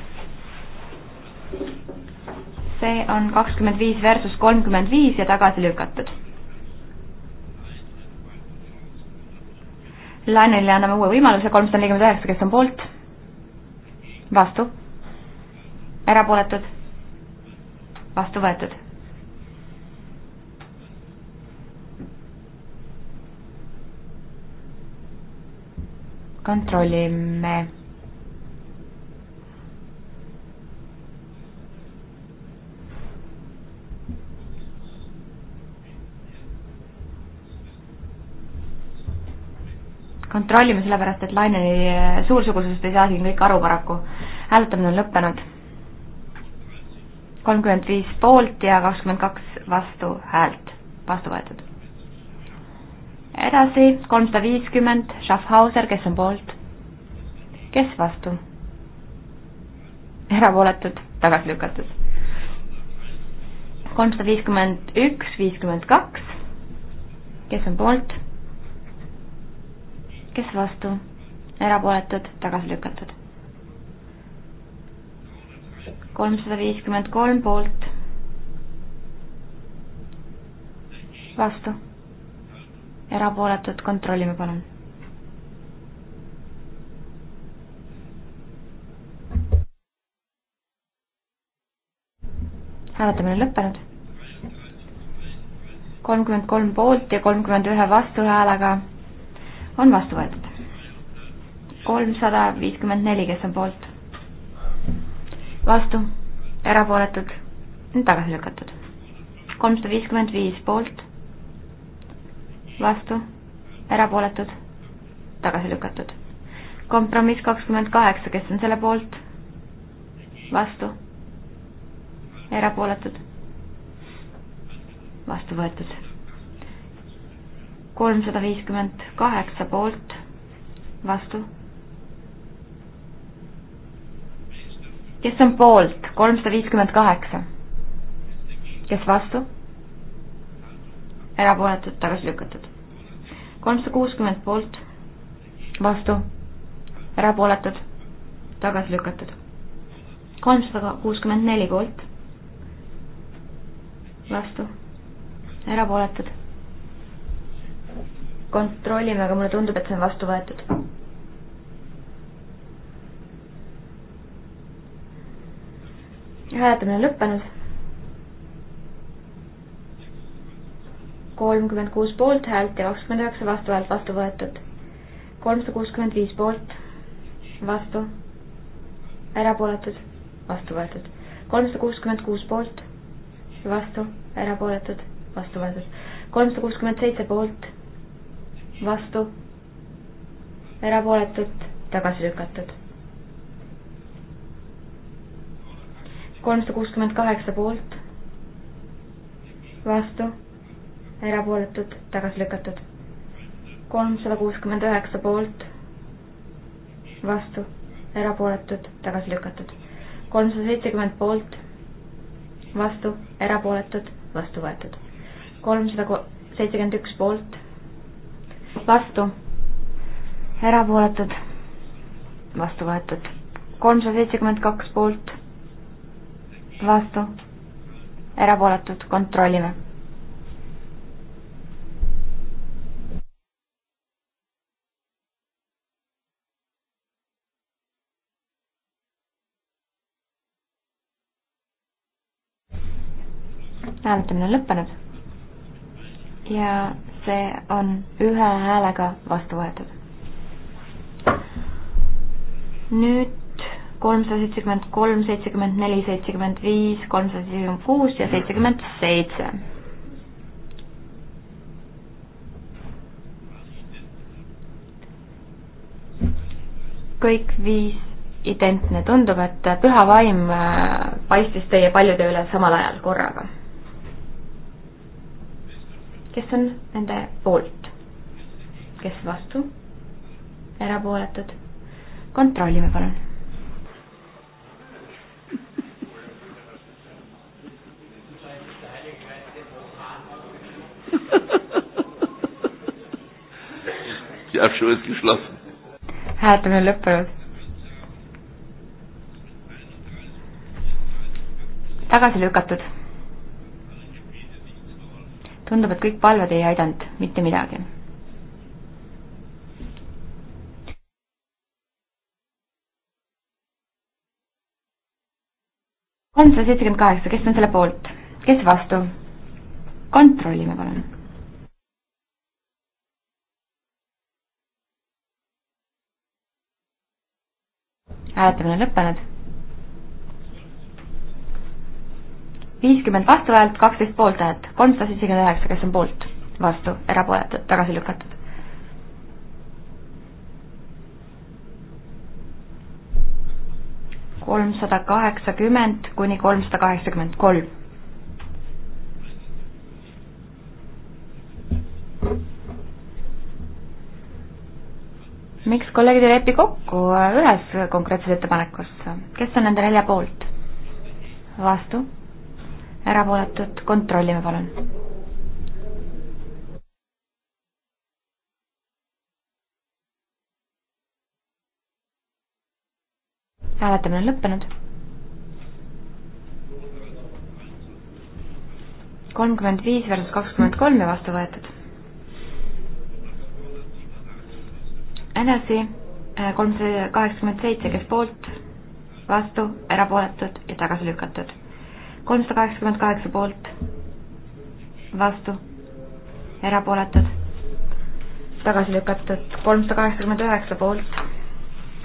see on kakskümmend viis versus kolmkümmend viis ja tagasi lükatud Lainele anname uue võimaluse, kolmsada nelikümmend üheksa, kes on poolt? vastu? erapooletud? vastu võetud? kontrollime kontrollime, sellepärast et laineni suursugusest ei saa siin kõik aru paraku. hääletamine on lõppenud. kolmkümmend viis poolt ja kakskümmend kaks vastu häält, vastu võetud. edasi kolmsada viiskümmend, Schaffhauser, kes on poolt, kes vastu? erapooletud, tagasi lükatud. kolmsada viiskümmend üks, viiskümmend kaks, kes on poolt kes vastu, erapooletud, tagasi lükatud. kolmsada viiskümmend kolm poolt, vastu, erapooletud, kontrollime palun hääletamine lõppenud. kolmkümmend kolm poolt ja kolmkümmend ühe vastuhäälega on vastu võetud. kolmsada viiskümmend neli, kes on poolt, vastu, erapooletud, tagasi lükatud. kolmsada viiskümmend viis poolt, vastu, erapooletud, tagasi lükatud. kompromiss kakskümmend kaheksa, kes on selle poolt, vastu, erapooletud, vastu võetud kolmsada viiskümmend kaheksa poolt, vastu. kes on poolt, kolmsada viiskümmend kaheksa? kes vastu? erapooletud, tagasi lükatud. kolmsada kuuskümmend poolt, vastu, erapooletud, tagasi lükatud. kolmsada kuuskümmend neli poolt, vastu, erapooletud kontrollime, aga mulle tundub, et see on vastu võetud. hääletamine on lõppenud. kolmkümmend kuus poolthäält ja kakskümmend üheksa vastuhäält vastu võetud. kolmsada kuuskümmend viis poolt, vastu, erapooletud, vastu võetud. kolmsada kuuskümmend kuus poolt, vastu, erapooletud, vastu võetud. kolmsada kuuskümmend seitse poolt vastu, erapooletud, tagasi lükatud. kolmsada kuuskümmend kaheksa poolt, vastu, erapooletud, tagasi lükatud. kolmsada kuuskümmend üheksa poolt, vastu, erapooletud, tagasi lükatud. kolmsada seitsekümmend poolt, vastu, erapooletud, vastu võetud. kolmsada seitsekümmend üks poolt vastu, erapooletud, vastu võetud. kolmsada seitsekümmend kaks poolt, vastu, erapooletud, kontrollime. hääletamine on lõppenud ja see on ühe häälega vastu võetud. nüüd kolmsada seitsekümmend kolm, seitsekümmend neli, seitsekümmend viis, kolmsada seitsekümmend kuus ja seitsekümmend seitse. kõik viis identne, tundub, et püha vaim äh, paistis teie paljude üle samal ajal korraga kes on nende poolt, kes vastu, erapooletud, kontrollime palun. hääletamine on lõppenud. tagasi lükatud tundub, et kõik palved ei aidanud mitte midagi. kolmsada seitsekümmend kaheksa, kes on selle poolt, kes vastu? kontrollime palun. hääletamine on lõppenud viiskümmend vastuhäält, kaksteist poolthäält, kolmsada seitsekümmend üheksa, kes on poolt, vastu, erapooletud, tagasi lükatud. kolmsada kaheksakümmend kuni kolmsada kaheksakümmend kolm. miks kolleegid ei lepi kokku ühes konkreetses ettepanekus, kes on nende nelja poolt? vastu erapooletud, kontrollime palun. hääletamine on lõppenud. kolmkümmend viis versus kakskümmend kolm ja vastu võetud. NSV äh, kolmsada kaheksakümmend seitse, kes poolt, vastu, erapooletud ja tagasi lükatud kolmsada kaheksakümmend kaheksa poolt, vastu, erapooletud, tagasi lükatud, kolmsada kaheksakümmend üheksa poolt,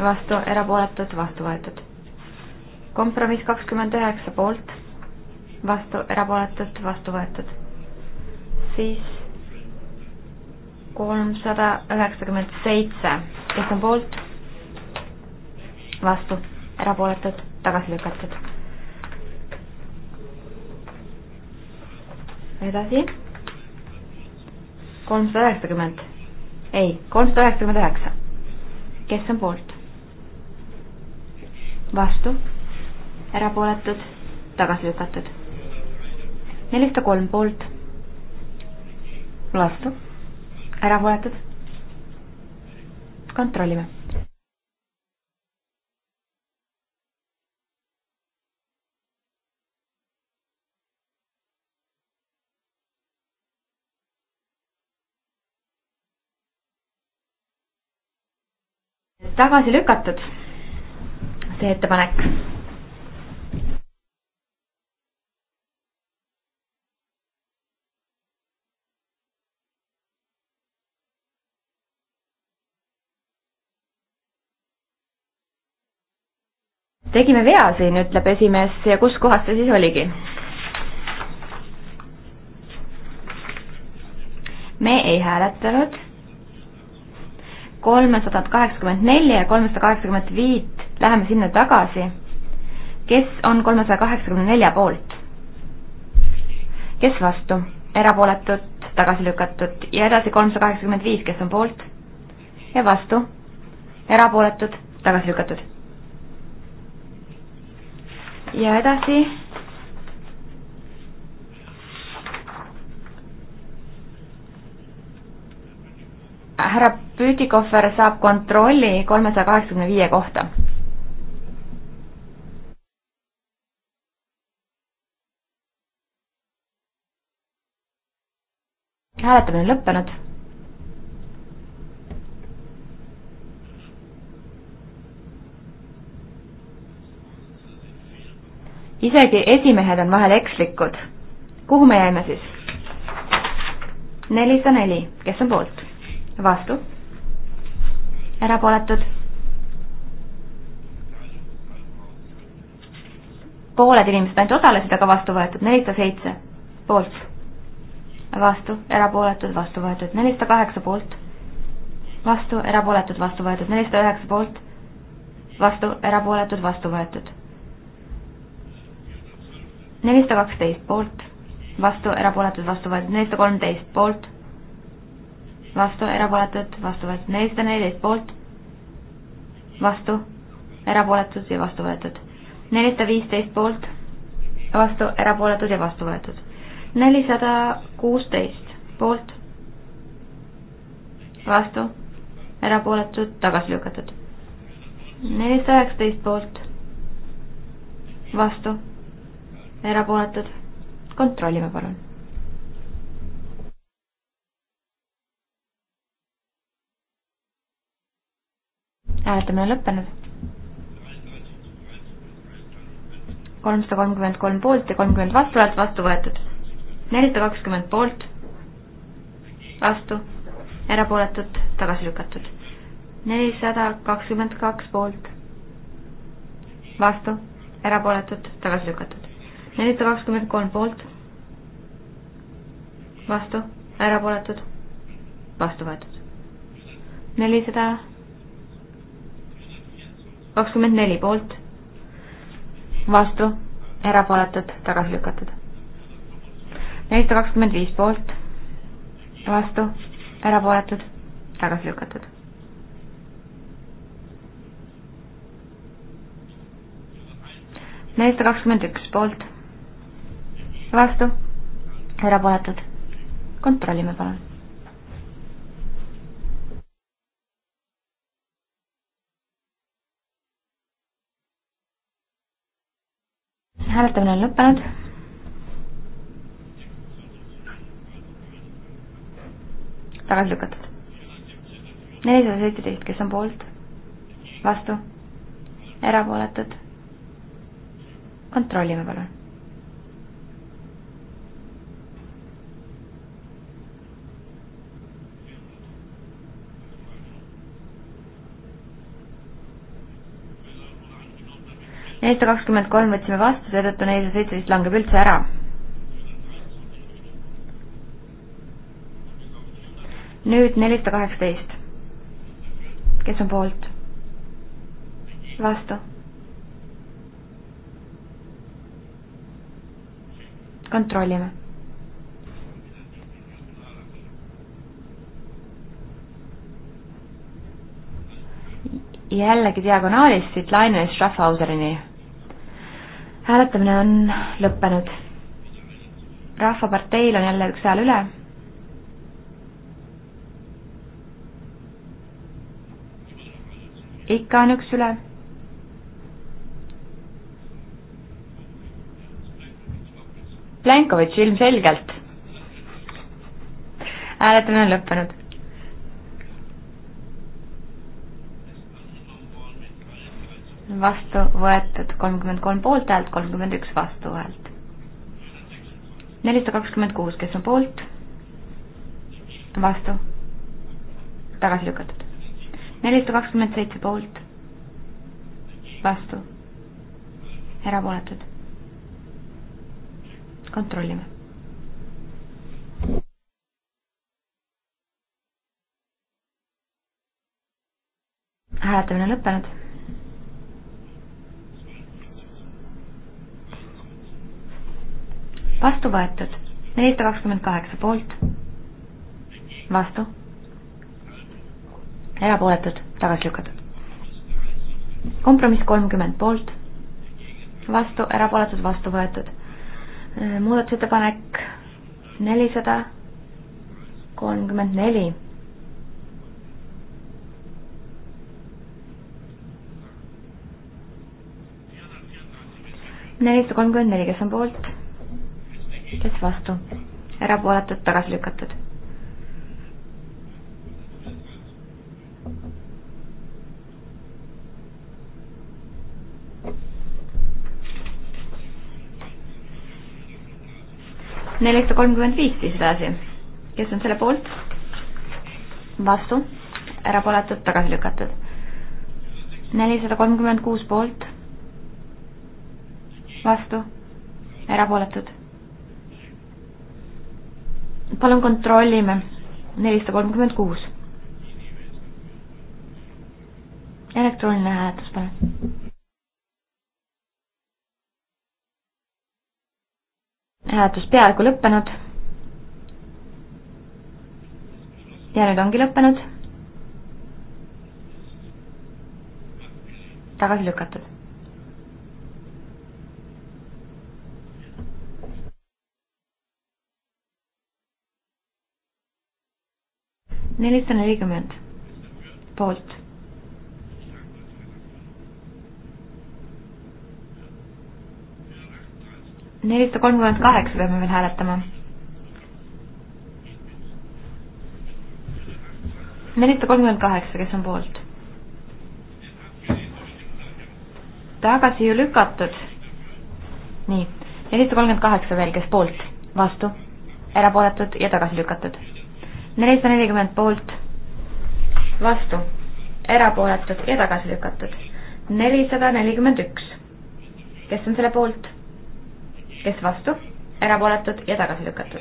vastu, erapooletud, vastu võetud. kompromiss kakskümmend üheksa poolt, vastu, erapooletud, vastu võetud. siis kolmsada üheksakümmend seitse, kes on poolt, vastu, erapooletud, tagasi lükatud edasi. kolmsada üheksakümmend, ei, kolmsada üheksakümmend üheksa. kes on poolt? vastu, erapooletud, tagasi lükatud. nelisada kolm poolt, vastu, erapooletud. kontrollime tagasi lükatud, see ettepanek. tegime vea siin, ütleb esimees ja kus kohas see siis oligi? me ei hääletanud kolmesadat kaheksakümmend neli ja kolmesada kaheksakümmend viit, läheme sinna tagasi. kes on kolmesaja kaheksakümne nelja poolt? kes vastu? erapooletud, tagasi lükatud ja edasi kolmsada kaheksakümmend viis, kes on poolt ja vastu, erapooletud, tagasi lükatud. ja edasi härra Püütikohver saab kontrolli kolmesaja kaheksakümne viie kohta. hääletamine on lõppenud. isegi esimehed on vahel ekslikud. kuhu me jäime siis? nelisada neli, kes on poolt? vastu, erapooletud. pooled inimesed ainult osalesid, aga vastu võetud nelisada seitse poolt, vastu, erapooletud, vastu võetud nelisada kaheksa poolt, vastu, erapooletud, vastu võetud nelisada üheksa poolt, vastu, erapooletud, vastu võetud nelisada kaksteist poolt, vastu, erapooletud, vastu võetud nelisada kolmteist poolt vastu, erapooletud, vastu võetud nelisada neliteist poolt, vastu, erapooletud ja vastu võetud. nelisada viisteist poolt, vastu, erapooletud ja vastu võetud. nelisada kuusteist poolt, vastu, erapooletud, tagasi lükatud. nelisada üheksateist poolt, vastu, erapooletud, kontrollime palun hääletamine on lõppenud. kolmsada kolmkümmend kolm poolt ja kolmkümmend vastu häält vastu võetud. nelisada kakskümmend poolt, vastu, erapooletud, tagasi lükatud. nelisada kakskümmend kaks poolt, vastu, erapooletud, tagasi lükatud. nelisada kakskümmend kolm poolt, vastu, erapooletud, vastu võetud. nelisada kakskümmend neli poolt, vastu, erapooletud, tagasi lükatud. nelisada kakskümmend viis poolt, vastu, erapooletud, tagasi lükatud. nelisada kakskümmend üks poolt, vastu, erapooletud. kontrollime palun hääletamine on lõppenud. tagasi lükatud. nelisada seitseteist, kes on poolt? vastu? erapooletud? kontrollime palun nelisada kakskümmend kolm võtsime vastu, seetõttu nelisada seitseteist langeb üldse ära. nüüd nelisada kaheksateist. kes on poolt? vastu? kontrollime jällegi diagonaalist siit Laine Schaffhauserini hääletamine on lõppenud. rahvaparteil on jälle üks hääl üle. ikka on üks üle. Plenkovitš ilmselgelt. hääletamine on lõppenud vastu võetud kolmkümmend kolm poolthäält, kolmkümmend üks vastuhäält. nelisada kakskümmend kuus, kes on poolt, vastu, tagasi lükatud. nelisada kakskümmend seitse poolt, vastu, erapooletud. kontrollime hääletamine lõppenud. vastu võetud nelisada kakskümmend kaheksa poolt, vastu, erapooletud, tagasi lükatud. kompromiss kolmkümmend poolt, vastu, erapooletud, vastu võetud. Äh, muudatusettepanek nelisada kolmkümmend neli. nelisada kolmkümmend neli, kes on poolt? kes vastu, erapooletud, tagasi lükatud. nelisada kolmkümmend viis siis edasi, kes on selle poolt, vastu, erapooletud, tagasi lükatud. nelisada kolmkümmend kuus poolt, vastu, erapooletud palun kontrollime. nelisada kolmkümmend kuus. elektrooniline hääletus, palun. hääletus peaaegu lõppenud. ja nüüd ongi lõppenud. tagasi lükatud nelisada nelikümmend poolt. nelisada kolmkümmend kaheksa peame veel hääletama. nelisada kolmkümmend kaheksa, kes on poolt? tagasi ju lükatud. nii, nelisada kolmkümmend kaheksa veel, kes poolt, vastu, erapooletud ja tagasi lükatud nelisada nelikümmend poolt, vastu, erapooletud ja tagasi lükatud. nelisada nelikümmend üks. kes on selle poolt? kes vastu? erapooletud ja tagasi lükatud.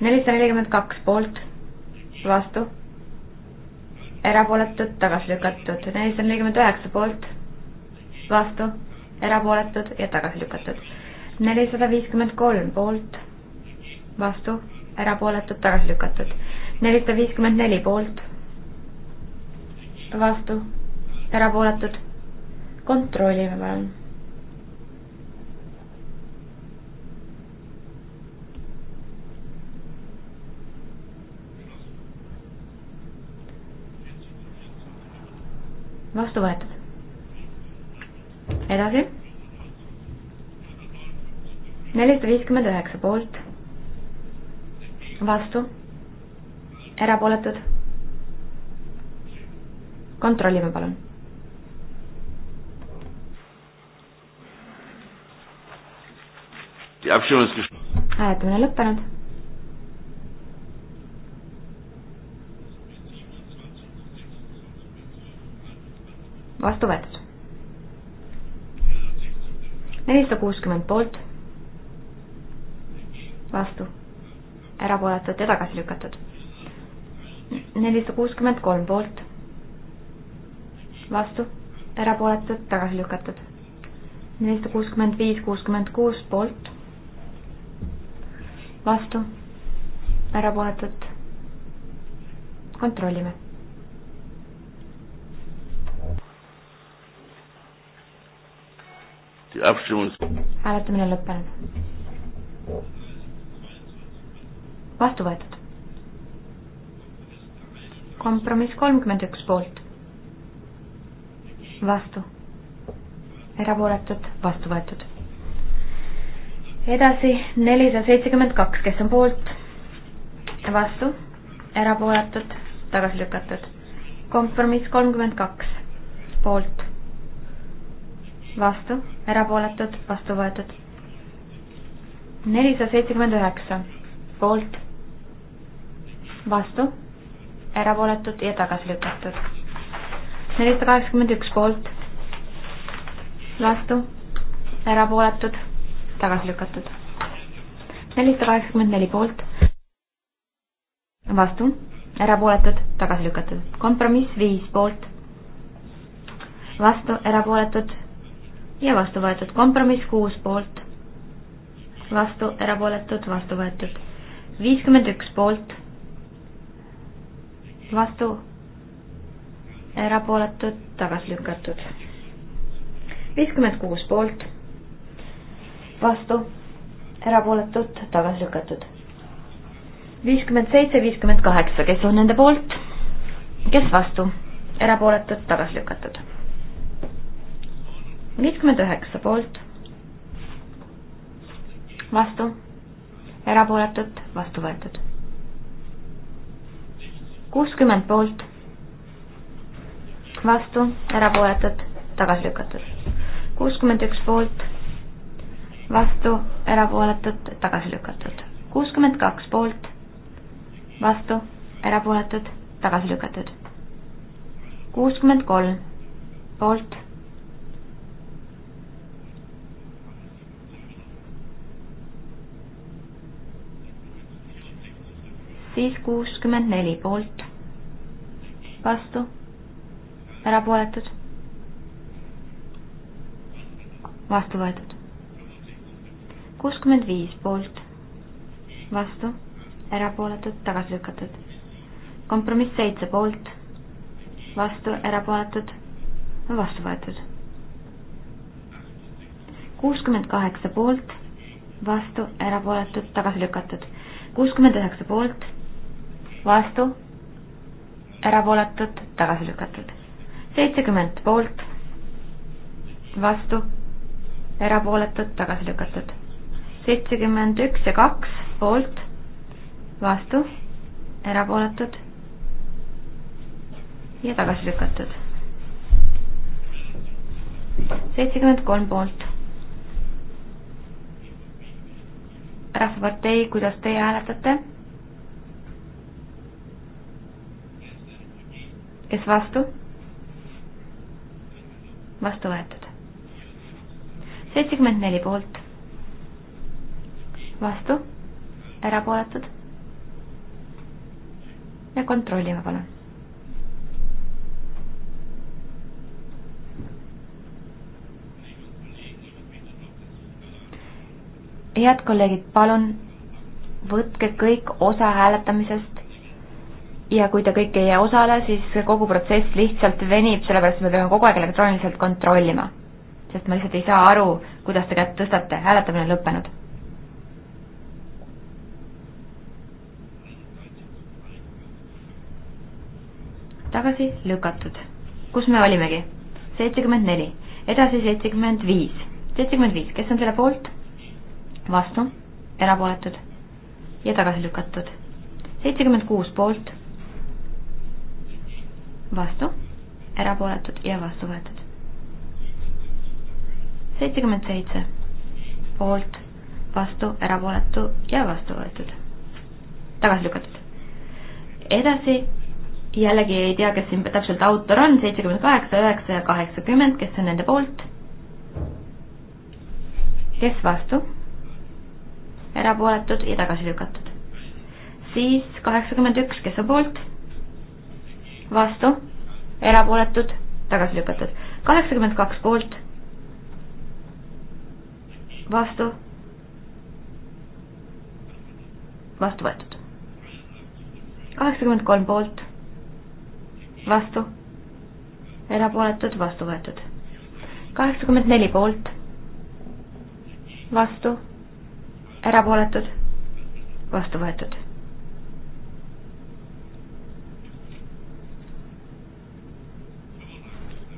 nelisada nelikümmend kaks poolt, vastu, erapooletud, tagasi lükatud. nelisada nelikümmend üheksa poolt, vastu, erapooletud ja tagasi lükatud. nelisada viiskümmend kolm poolt, vastu, erapooletud, tagasi lükatud nelisada viiskümmend neli poolt, vastu, erapooletud. kontrollime palun. vastu võetud. edasi. nelisada viiskümmend üheksa poolt, vastu erapooletud. kontrollime, palun. hääletamine lõppenud. vastu võetud. nelisada kuuskümmend poolt. vastu erapooletud ja tagasi lükatud nelisada kuuskümmend kolm poolt, vastu, erapooletud, tagasi lükatud. nelisada kuuskümmend viis, kuuskümmend kuus poolt, vastu, erapooletud, kontrollime Die Abstimmung ist. hääletamine lõppenud. vastu võetud kompromiss kolmkümmend üks poolt, vastu, erapooletud, vastu võetud. edasi nelisada seitsekümmend kaks, kes on poolt, vastu, erapooletud, tagasi lükatud. kompromiss kolmkümmend kaks, poolt, vastu, erapooletud, vastu võetud. nelisada seitsekümmend üheksa, poolt, vastu erapooletud ja tagasi lükatud. nelisada kaheksakümmend üks poolt, vastu, erapooletud, tagasi lükatud. nelisada kaheksakümmend neli poolt, vastu, erapooletud, tagasi lükatud. kompromiss viis poolt, vastu, erapooletud ja vastu võetud. kompromiss kuus poolt, vastu, erapooletud, vastu võetud. viiskümmend üks poolt vastu, erapooletud, tagasi lükatud. viiskümmend kuus poolt, vastu, erapooletud, tagasi lükatud. viiskümmend seitse, viiskümmend kaheksa, kes on nende poolt, kes vastu, erapooletud, tagasi lükatud. viiskümmend üheksa poolt, vastu, erapooletud, vastu võetud kuuskümmend poolt, vastu, erapooletud, tagasi lükatud. kuuskümmend üks poolt, vastu, erapooletud, tagasi lükatud. kuuskümmend kaks poolt, vastu, erapooletud, tagasi lükatud. kuuskümmend kolm poolt siis kuuskümmend neli poolt, vastu, erapooletud, vastu võetud. kuuskümmend viis poolt, vastu, erapooletud, tagasi lükatud. kompromiss seitse poolt, vastu, erapooletud, vastu võetud. kuuskümmend kaheksa poolt, vastu, erapooletud, tagasi lükatud. kuuskümmend üheksa poolt vastu, erapooletud, tagasi lükatud. seitsekümmend poolt, vastu, erapooletud, tagasi lükatud. seitsekümmend üks ja kaks poolt, vastu, erapooletud ja tagasi lükatud. seitsekümmend kolm poolt. rahvapartei, kuidas teie hääletate? kes vastu? vastu võetud. seitsekümmend neli poolt. vastu, erapooletud. ja kontrollime, palun. head kolleegid, palun võtke kõik osa hääletamisest ja kui te kõik ei osale, siis kogu protsess lihtsalt venib, sellepärast me peame kogu aeg elektrooniliselt kontrollima. sest ma lihtsalt ei saa aru, kuidas te kätt tõstate, hääletamine on lõppenud. tagasi lükatud. kus me olimegi? seitsekümmend neli, edasi seitsekümmend viis, seitsekümmend viis, kes on selle poolt? vastu, erapooletud ja tagasi lükatud. seitsekümmend kuus poolt vastu, erapooletud ja vastu võetud. seitsekümmend seitse poolt, vastu, erapooletu ja vastu võetud. tagasi lükatud. edasi jällegi ei tea, kes siin täpselt autor on, seitsekümmend kaheksa, üheksa ja kaheksakümmend, kes on nende poolt? kes vastu? erapooletud ja tagasi lükatud. siis kaheksakümmend üks, kes on poolt? vastu, erapooletud, tagasi lükatud. kaheksakümmend kaks poolt, vastu, vastu võetud. kaheksakümmend kolm poolt, vastu, erapooletud, vastu võetud. kaheksakümmend neli poolt, vastu, erapooletud, vastu võetud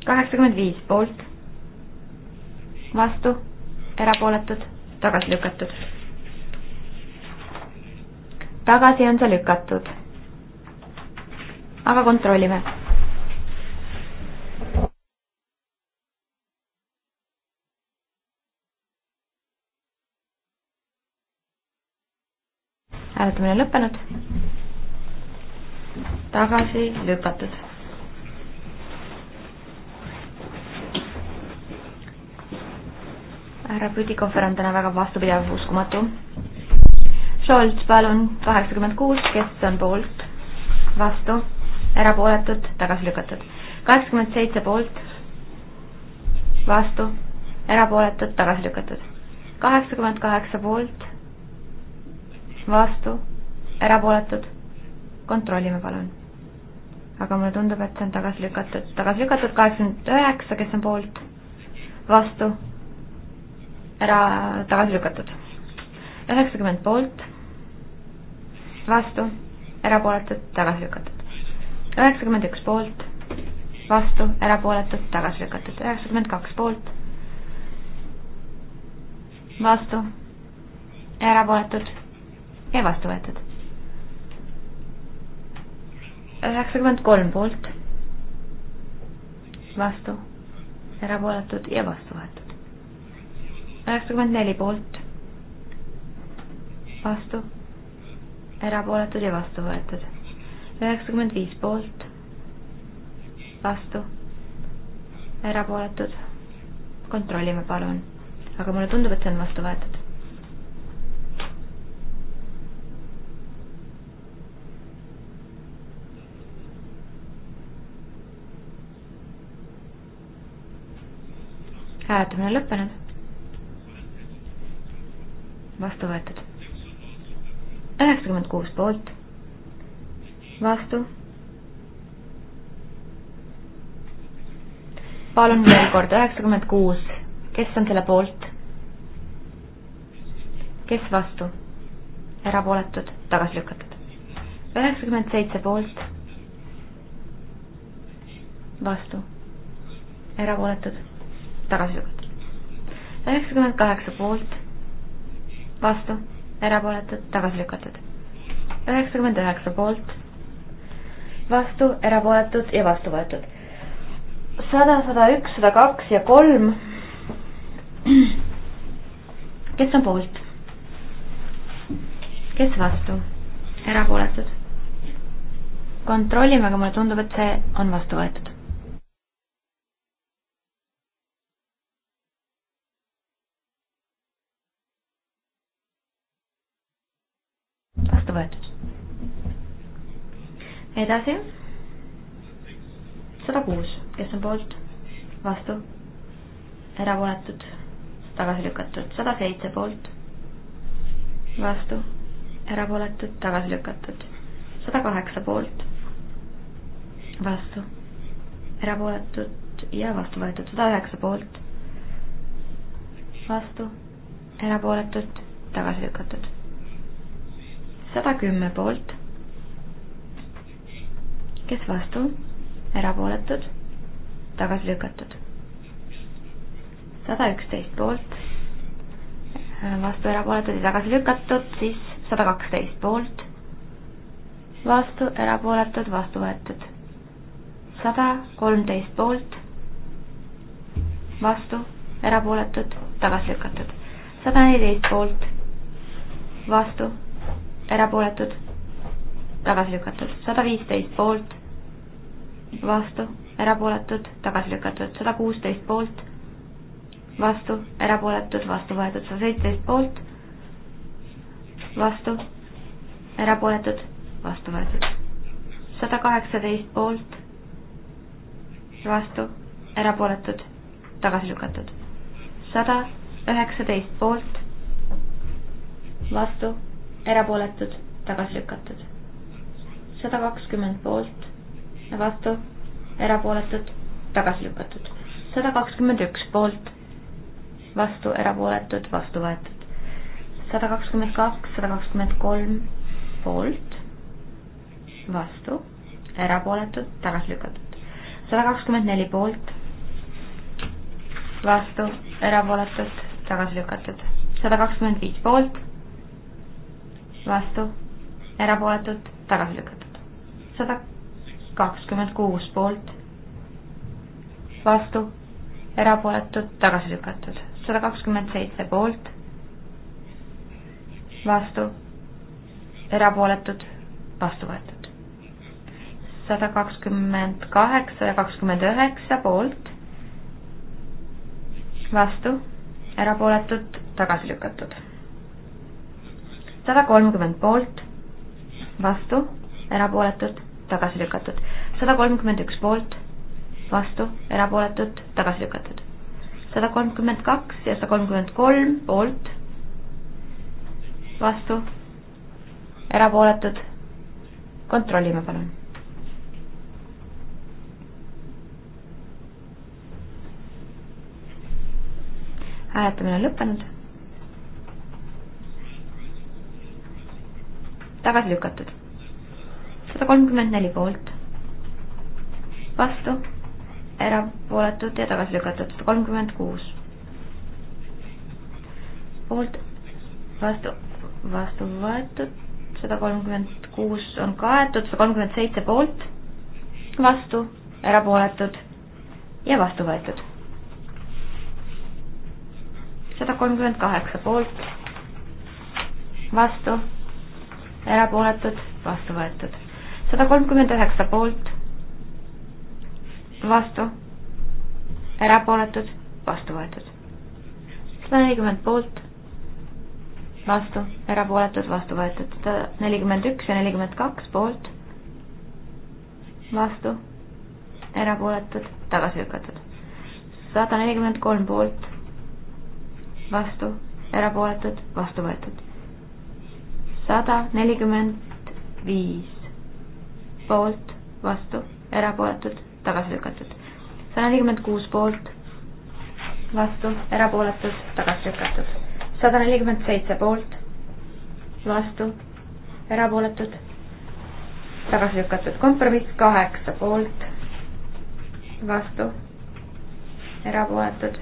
kaheksakümmend viis poolt, vastu, erapooletud, tagasi lükatud. tagasi on see lükatud. aga kontrollime hääletamine lõppenud. tagasi lükatud härra Pütikohver on täna väga vastupidav, uskumatu. Scholz, palun, kaheksakümmend kuus, kes on poolt, vastu, erapooletud, tagasi lükatud. kaheksakümmend seitse poolt, vastu, erapooletud, tagasi lükatud. kaheksakümmend kaheksa poolt, vastu, erapooletud, kontrollime palun. aga mulle tundub, et see on tagasi lükatud, tagasi lükatud kaheksakümmend üheksa, kes on poolt, vastu ära tagasi lükatud. üheksakümmend poolt, vastu, erapooletud, tagasi lükatud. üheksakümmend üks poolt, vastu, erapooletud, tagasi lükatud. üheksakümmend kaks poolt, vastu, erapooletud ja vastu võetud. üheksakümmend kolm poolt, vastu, erapooletud ja vastu võetud üheksakümmend neli poolt, vastu, erapooletud ja vastu võetud. üheksakümmend viis poolt, vastu, erapooletud. kontrollime palun, aga mulle tundub, et see on vastu võetud. hääletamine on lõppenud vastu võetud. üheksakümmend kuus poolt, vastu. palun veel kord, üheksakümmend kuus, kes on selle poolt? kes vastu? erapooletud, tagasi lükatud. üheksakümmend seitse poolt, vastu, erapooletud, tagasi lükatud. üheksakümmend kaheksa poolt vastu, erapooletud, tagasi lükatud. üheksakümmend üheksa poolt, vastu, erapooletud ja vastu võetud. sada, sada üks, sada kaks ja kolm. kes on poolt? kes vastu? erapooletud? kontrollime, aga mulle tundub, et see on vastu võetud. edasi. sada kuus, kes on poolt, vastu, erapooletud, tagasi lükatud, sada seitse poolt, vastu, erapooletud, tagasi lükatud, sada kaheksa poolt, vastu, erapooletud ja vastu võetud, sada üheksa poolt, vastu, erapooletud, tagasi lükatud, sada kümme poolt kes vastu, erapooletud, tagasi lükatud. sada üksteist poolt, vastu erapooletud ja tagasi lükatud, siis sada kaksteist poolt, vastu erapooletud, vastu võetud. sada kolmteist poolt, vastu erapooletud, tagasi lükatud. sada neliteist poolt, vastu erapooletud tagasi lükatud, sada viisteist poolt, vastu, erapooletud, tagasi lükatud, sada kuusteist poolt, vastu, erapooletud, vastu võetud, sada seitseteist poolt, vastu, erapooletud, vastu võetud, sada kaheksateist poolt, vastu, erapooletud, tagasi lükatud, sada üheksateist poolt, vastu, erapooletud, tagasi lükatud sada kakskümmend poolt, vastu, erapooletud, tagasi lükatud. sada kakskümmend üks poolt, vastu, erapooletud, vastu võetud. sada kakskümmend kaks, sada kakskümmend kolm poolt, vastu, erapooletud, tagasi lükatud. sada kakskümmend neli poolt, vastu, erapooletud, tagasi lükatud. sada kakskümmend viis poolt, vastu, erapooletud, tagasi lükatud sada kakskümmend kuus poolt, vastu, erapooletud, tagasi lükatud. sada kakskümmend seitse poolt, vastu, erapooletud, vastu võetud. sada kakskümmend kaheksa ja kakskümmend üheksa poolt, vastu, erapooletud, tagasi lükatud. sada kolmkümmend poolt, vastu erapooletud, tagasi lükatud. sada kolmkümmend üks poolt, vastu, erapooletud, tagasi lükatud. sada kolmkümmend kaks ja sada kolmkümmend kolm poolt, vastu, erapooletud. kontrollime, palun. hääletamine on lõppenud. tagasi lükatud sada kolmkümmend neli poolt, vastu, erapooletud ja tagasi lükatud sada kolmkümmend kuus. poolt, vastu, vastu võetud, sada kolmkümmend kuus on kaetud, sada kolmkümmend seitse poolt, vastu, erapooletud ja vastu võetud. sada kolmkümmend kaheksa poolt, vastu, erapooletud, vastu võetud sada kolmkümmend üheksa poolt, vastu, erapooletud, vastu võetud. sada nelikümmend poolt, vastu, erapooletud, vastu võetud. sada nelikümmend üks ja nelikümmend kaks poolt, vastu, erapooletud, tagasi lükatud. sada nelikümmend kolm poolt, vastu, erapooletud, vastu võetud. sada nelikümmend viis poolt, vastu, erapooletud, tagasi lükatud. sada nelikümmend kuus poolt, vastu, erapooletud, tagasi lükatud. sada nelikümmend seitse poolt, vastu, erapooletud, tagasi lükatud. kompromiss kaheksa poolt, vastu, erapooletud,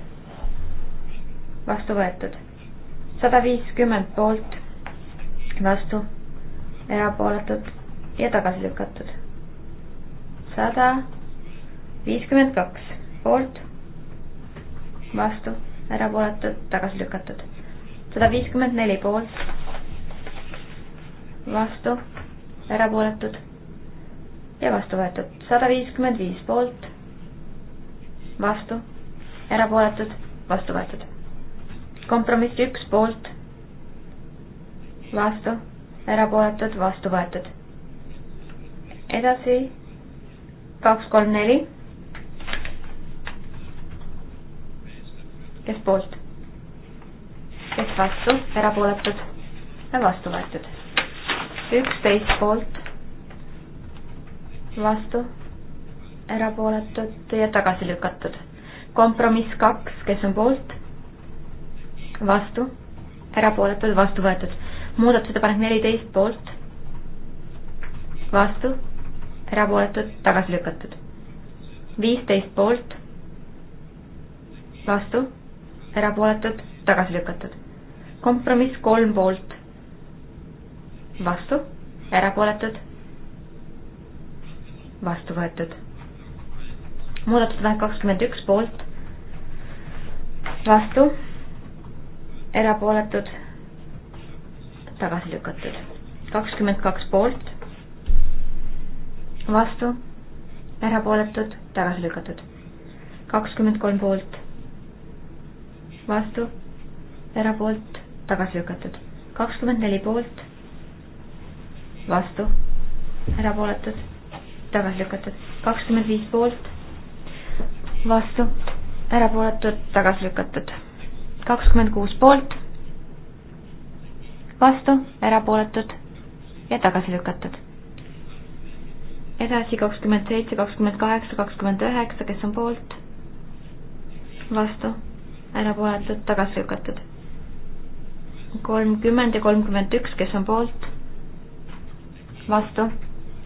vastu võetud. sada viiskümmend poolt, vastu, erapooletud ja tagasi lükatud. sada viiskümmend kaks poolt, vastu, erapooletud, tagasi lükatud. sada viiskümmend neli poolt, vastu, erapooletud ja vastu võetud. sada viiskümmend viis poolt, vastu, erapooletud, vastu võetud. kompromiss üks poolt, vastu, erapooletud, vastu võetud edasi, kaks, kolm, neli. kes poolt? kes vastu, erapooletud ja vastu võetud. üksteist poolt, vastu, erapooletud ja tagasi lükatud. kompromiss kaks, kes on poolt, vastu, erapooletud, vastu võetud. muudatusettepanek neliteist poolt, vastu erapooletud, tagasi lükatud. viisteist poolt, vastu, erapooletud, tagasi lükatud. kompromiss kolm poolt, vastu, erapooletud, vastu võetud. muudatusettepanek kakskümmend üks poolt, vastu, erapooletud, tagasi lükatud. kakskümmend kaks poolt, vastu, erapooletud, tagasi lükatud. kakskümmend kolm poolt, vastu, erapoolt, tagasi lükatud. kakskümmend neli poolt, vastu, erapooletud, tagasi lükatud. kakskümmend viis poolt, vastu, erapooletud, tagasi lükatud. kakskümmend kuus poolt, vastu, erapooletud ja tagasi lükatud edasi kakskümmend seitse, kakskümmend kaheksa, kakskümmend üheksa, kes on poolt, vastu, erapooletud, tagasi lükatud. kolmkümmend ja kolmkümmend üks, kes on poolt, vastu,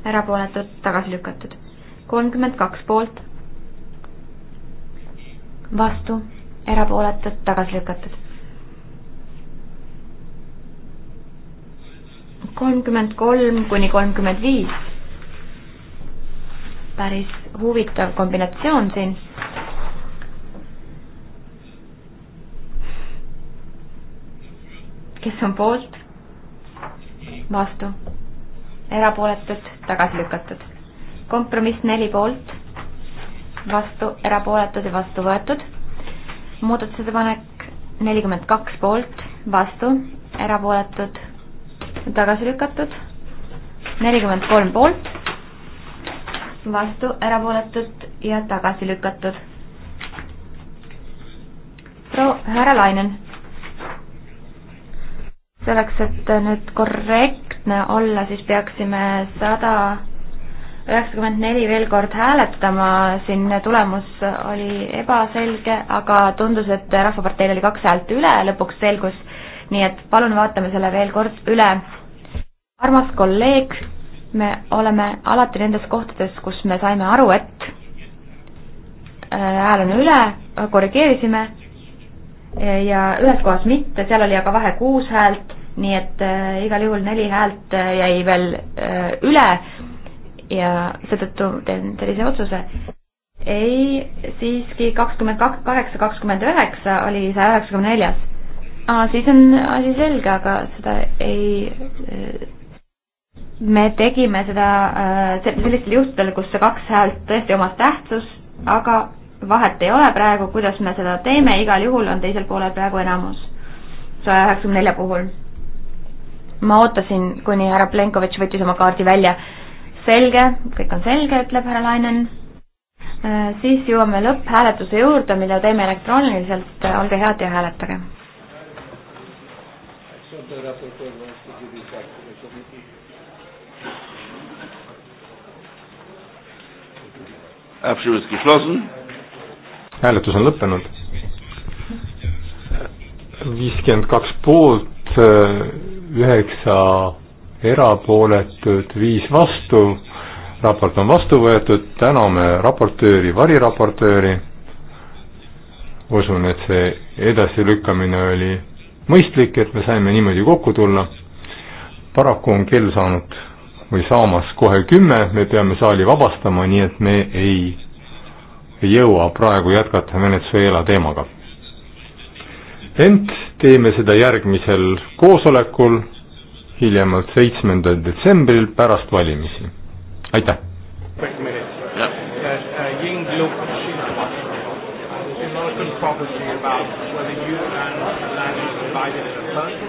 erapooletud, tagasi lükatud. kolmkümmend kaks poolt, vastu, erapooletud, tagasi lükatud. kolmkümmend kolm kuni kolmkümmend viis päris huvitav kombinatsioon siin. kes on poolt? vastu? erapooletud, tagasi lükatud. kompromiss neli poolt, vastu, erapooletud ja vastu võetud. muudatusettepanek nelikümmend kaks poolt, vastu, erapooletud, tagasi lükatud. nelikümmend kolm poolt vastu, erapooletud ja tagasi lükatud. proua härra Lainen. selleks, et nüüd korrektne olla, siis peaksime sada üheksakümmend neli veel kord hääletama, siin tulemus oli ebaselge, aga tundus, et Rahvaparteil oli kaks häält üle, lõpuks selgus, nii et palun vaatame selle veel kord üle. armas kolleeg me oleme alati nendes kohtades, kus me saime aru, et äh, hääl on üle, korrigeerisime ja ühes kohas mitte, seal oli aga vahe kuus häält, nii et äh, igal juhul neli häält äh, jäi veel üle ja seetõttu teen sellise otsuse. ei, siiski kakskümmend kaheksa, kakskümmend üheksa oli saja üheksakümne neljas. siis on asi selge, aga seda ei me tegime seda äh, sellistel juhtudel, kus see kaks häält tõesti omas tähtsust, aga vahet ei ole praegu, kuidas me seda teeme, igal juhul on teisel poolel praegu enamus saja üheksakümne nelja puhul. ma ootasin, kuni härra Plenkovitš võttis oma kaardi välja. selge, kõik on selge, ütleb härra Lainen. Äh, siis jõuame lõpphääletuse juurde, mille teeme elektrooniliselt, äh, olge head ja hääletage. hääletus on lõppenud. viiskümmend kaks poolt, üheksa erapooletut, viis vastu, raport on vastu võetud, täname raportööri, variraportööri, usun, et see edasilükkamine oli mõistlik, et me saime niimoodi kokku tulla, paraku on kell saanud või saamas kohe kümme, me peame saali vabastama, nii et me ei jõua praegu jätkata Venezuela teemaga. ent teeme seda järgmisel koosolekul, hiljemalt seitsmendal detsembril pärast valimisi. aitäh! property about whether you and Lanny divided as a person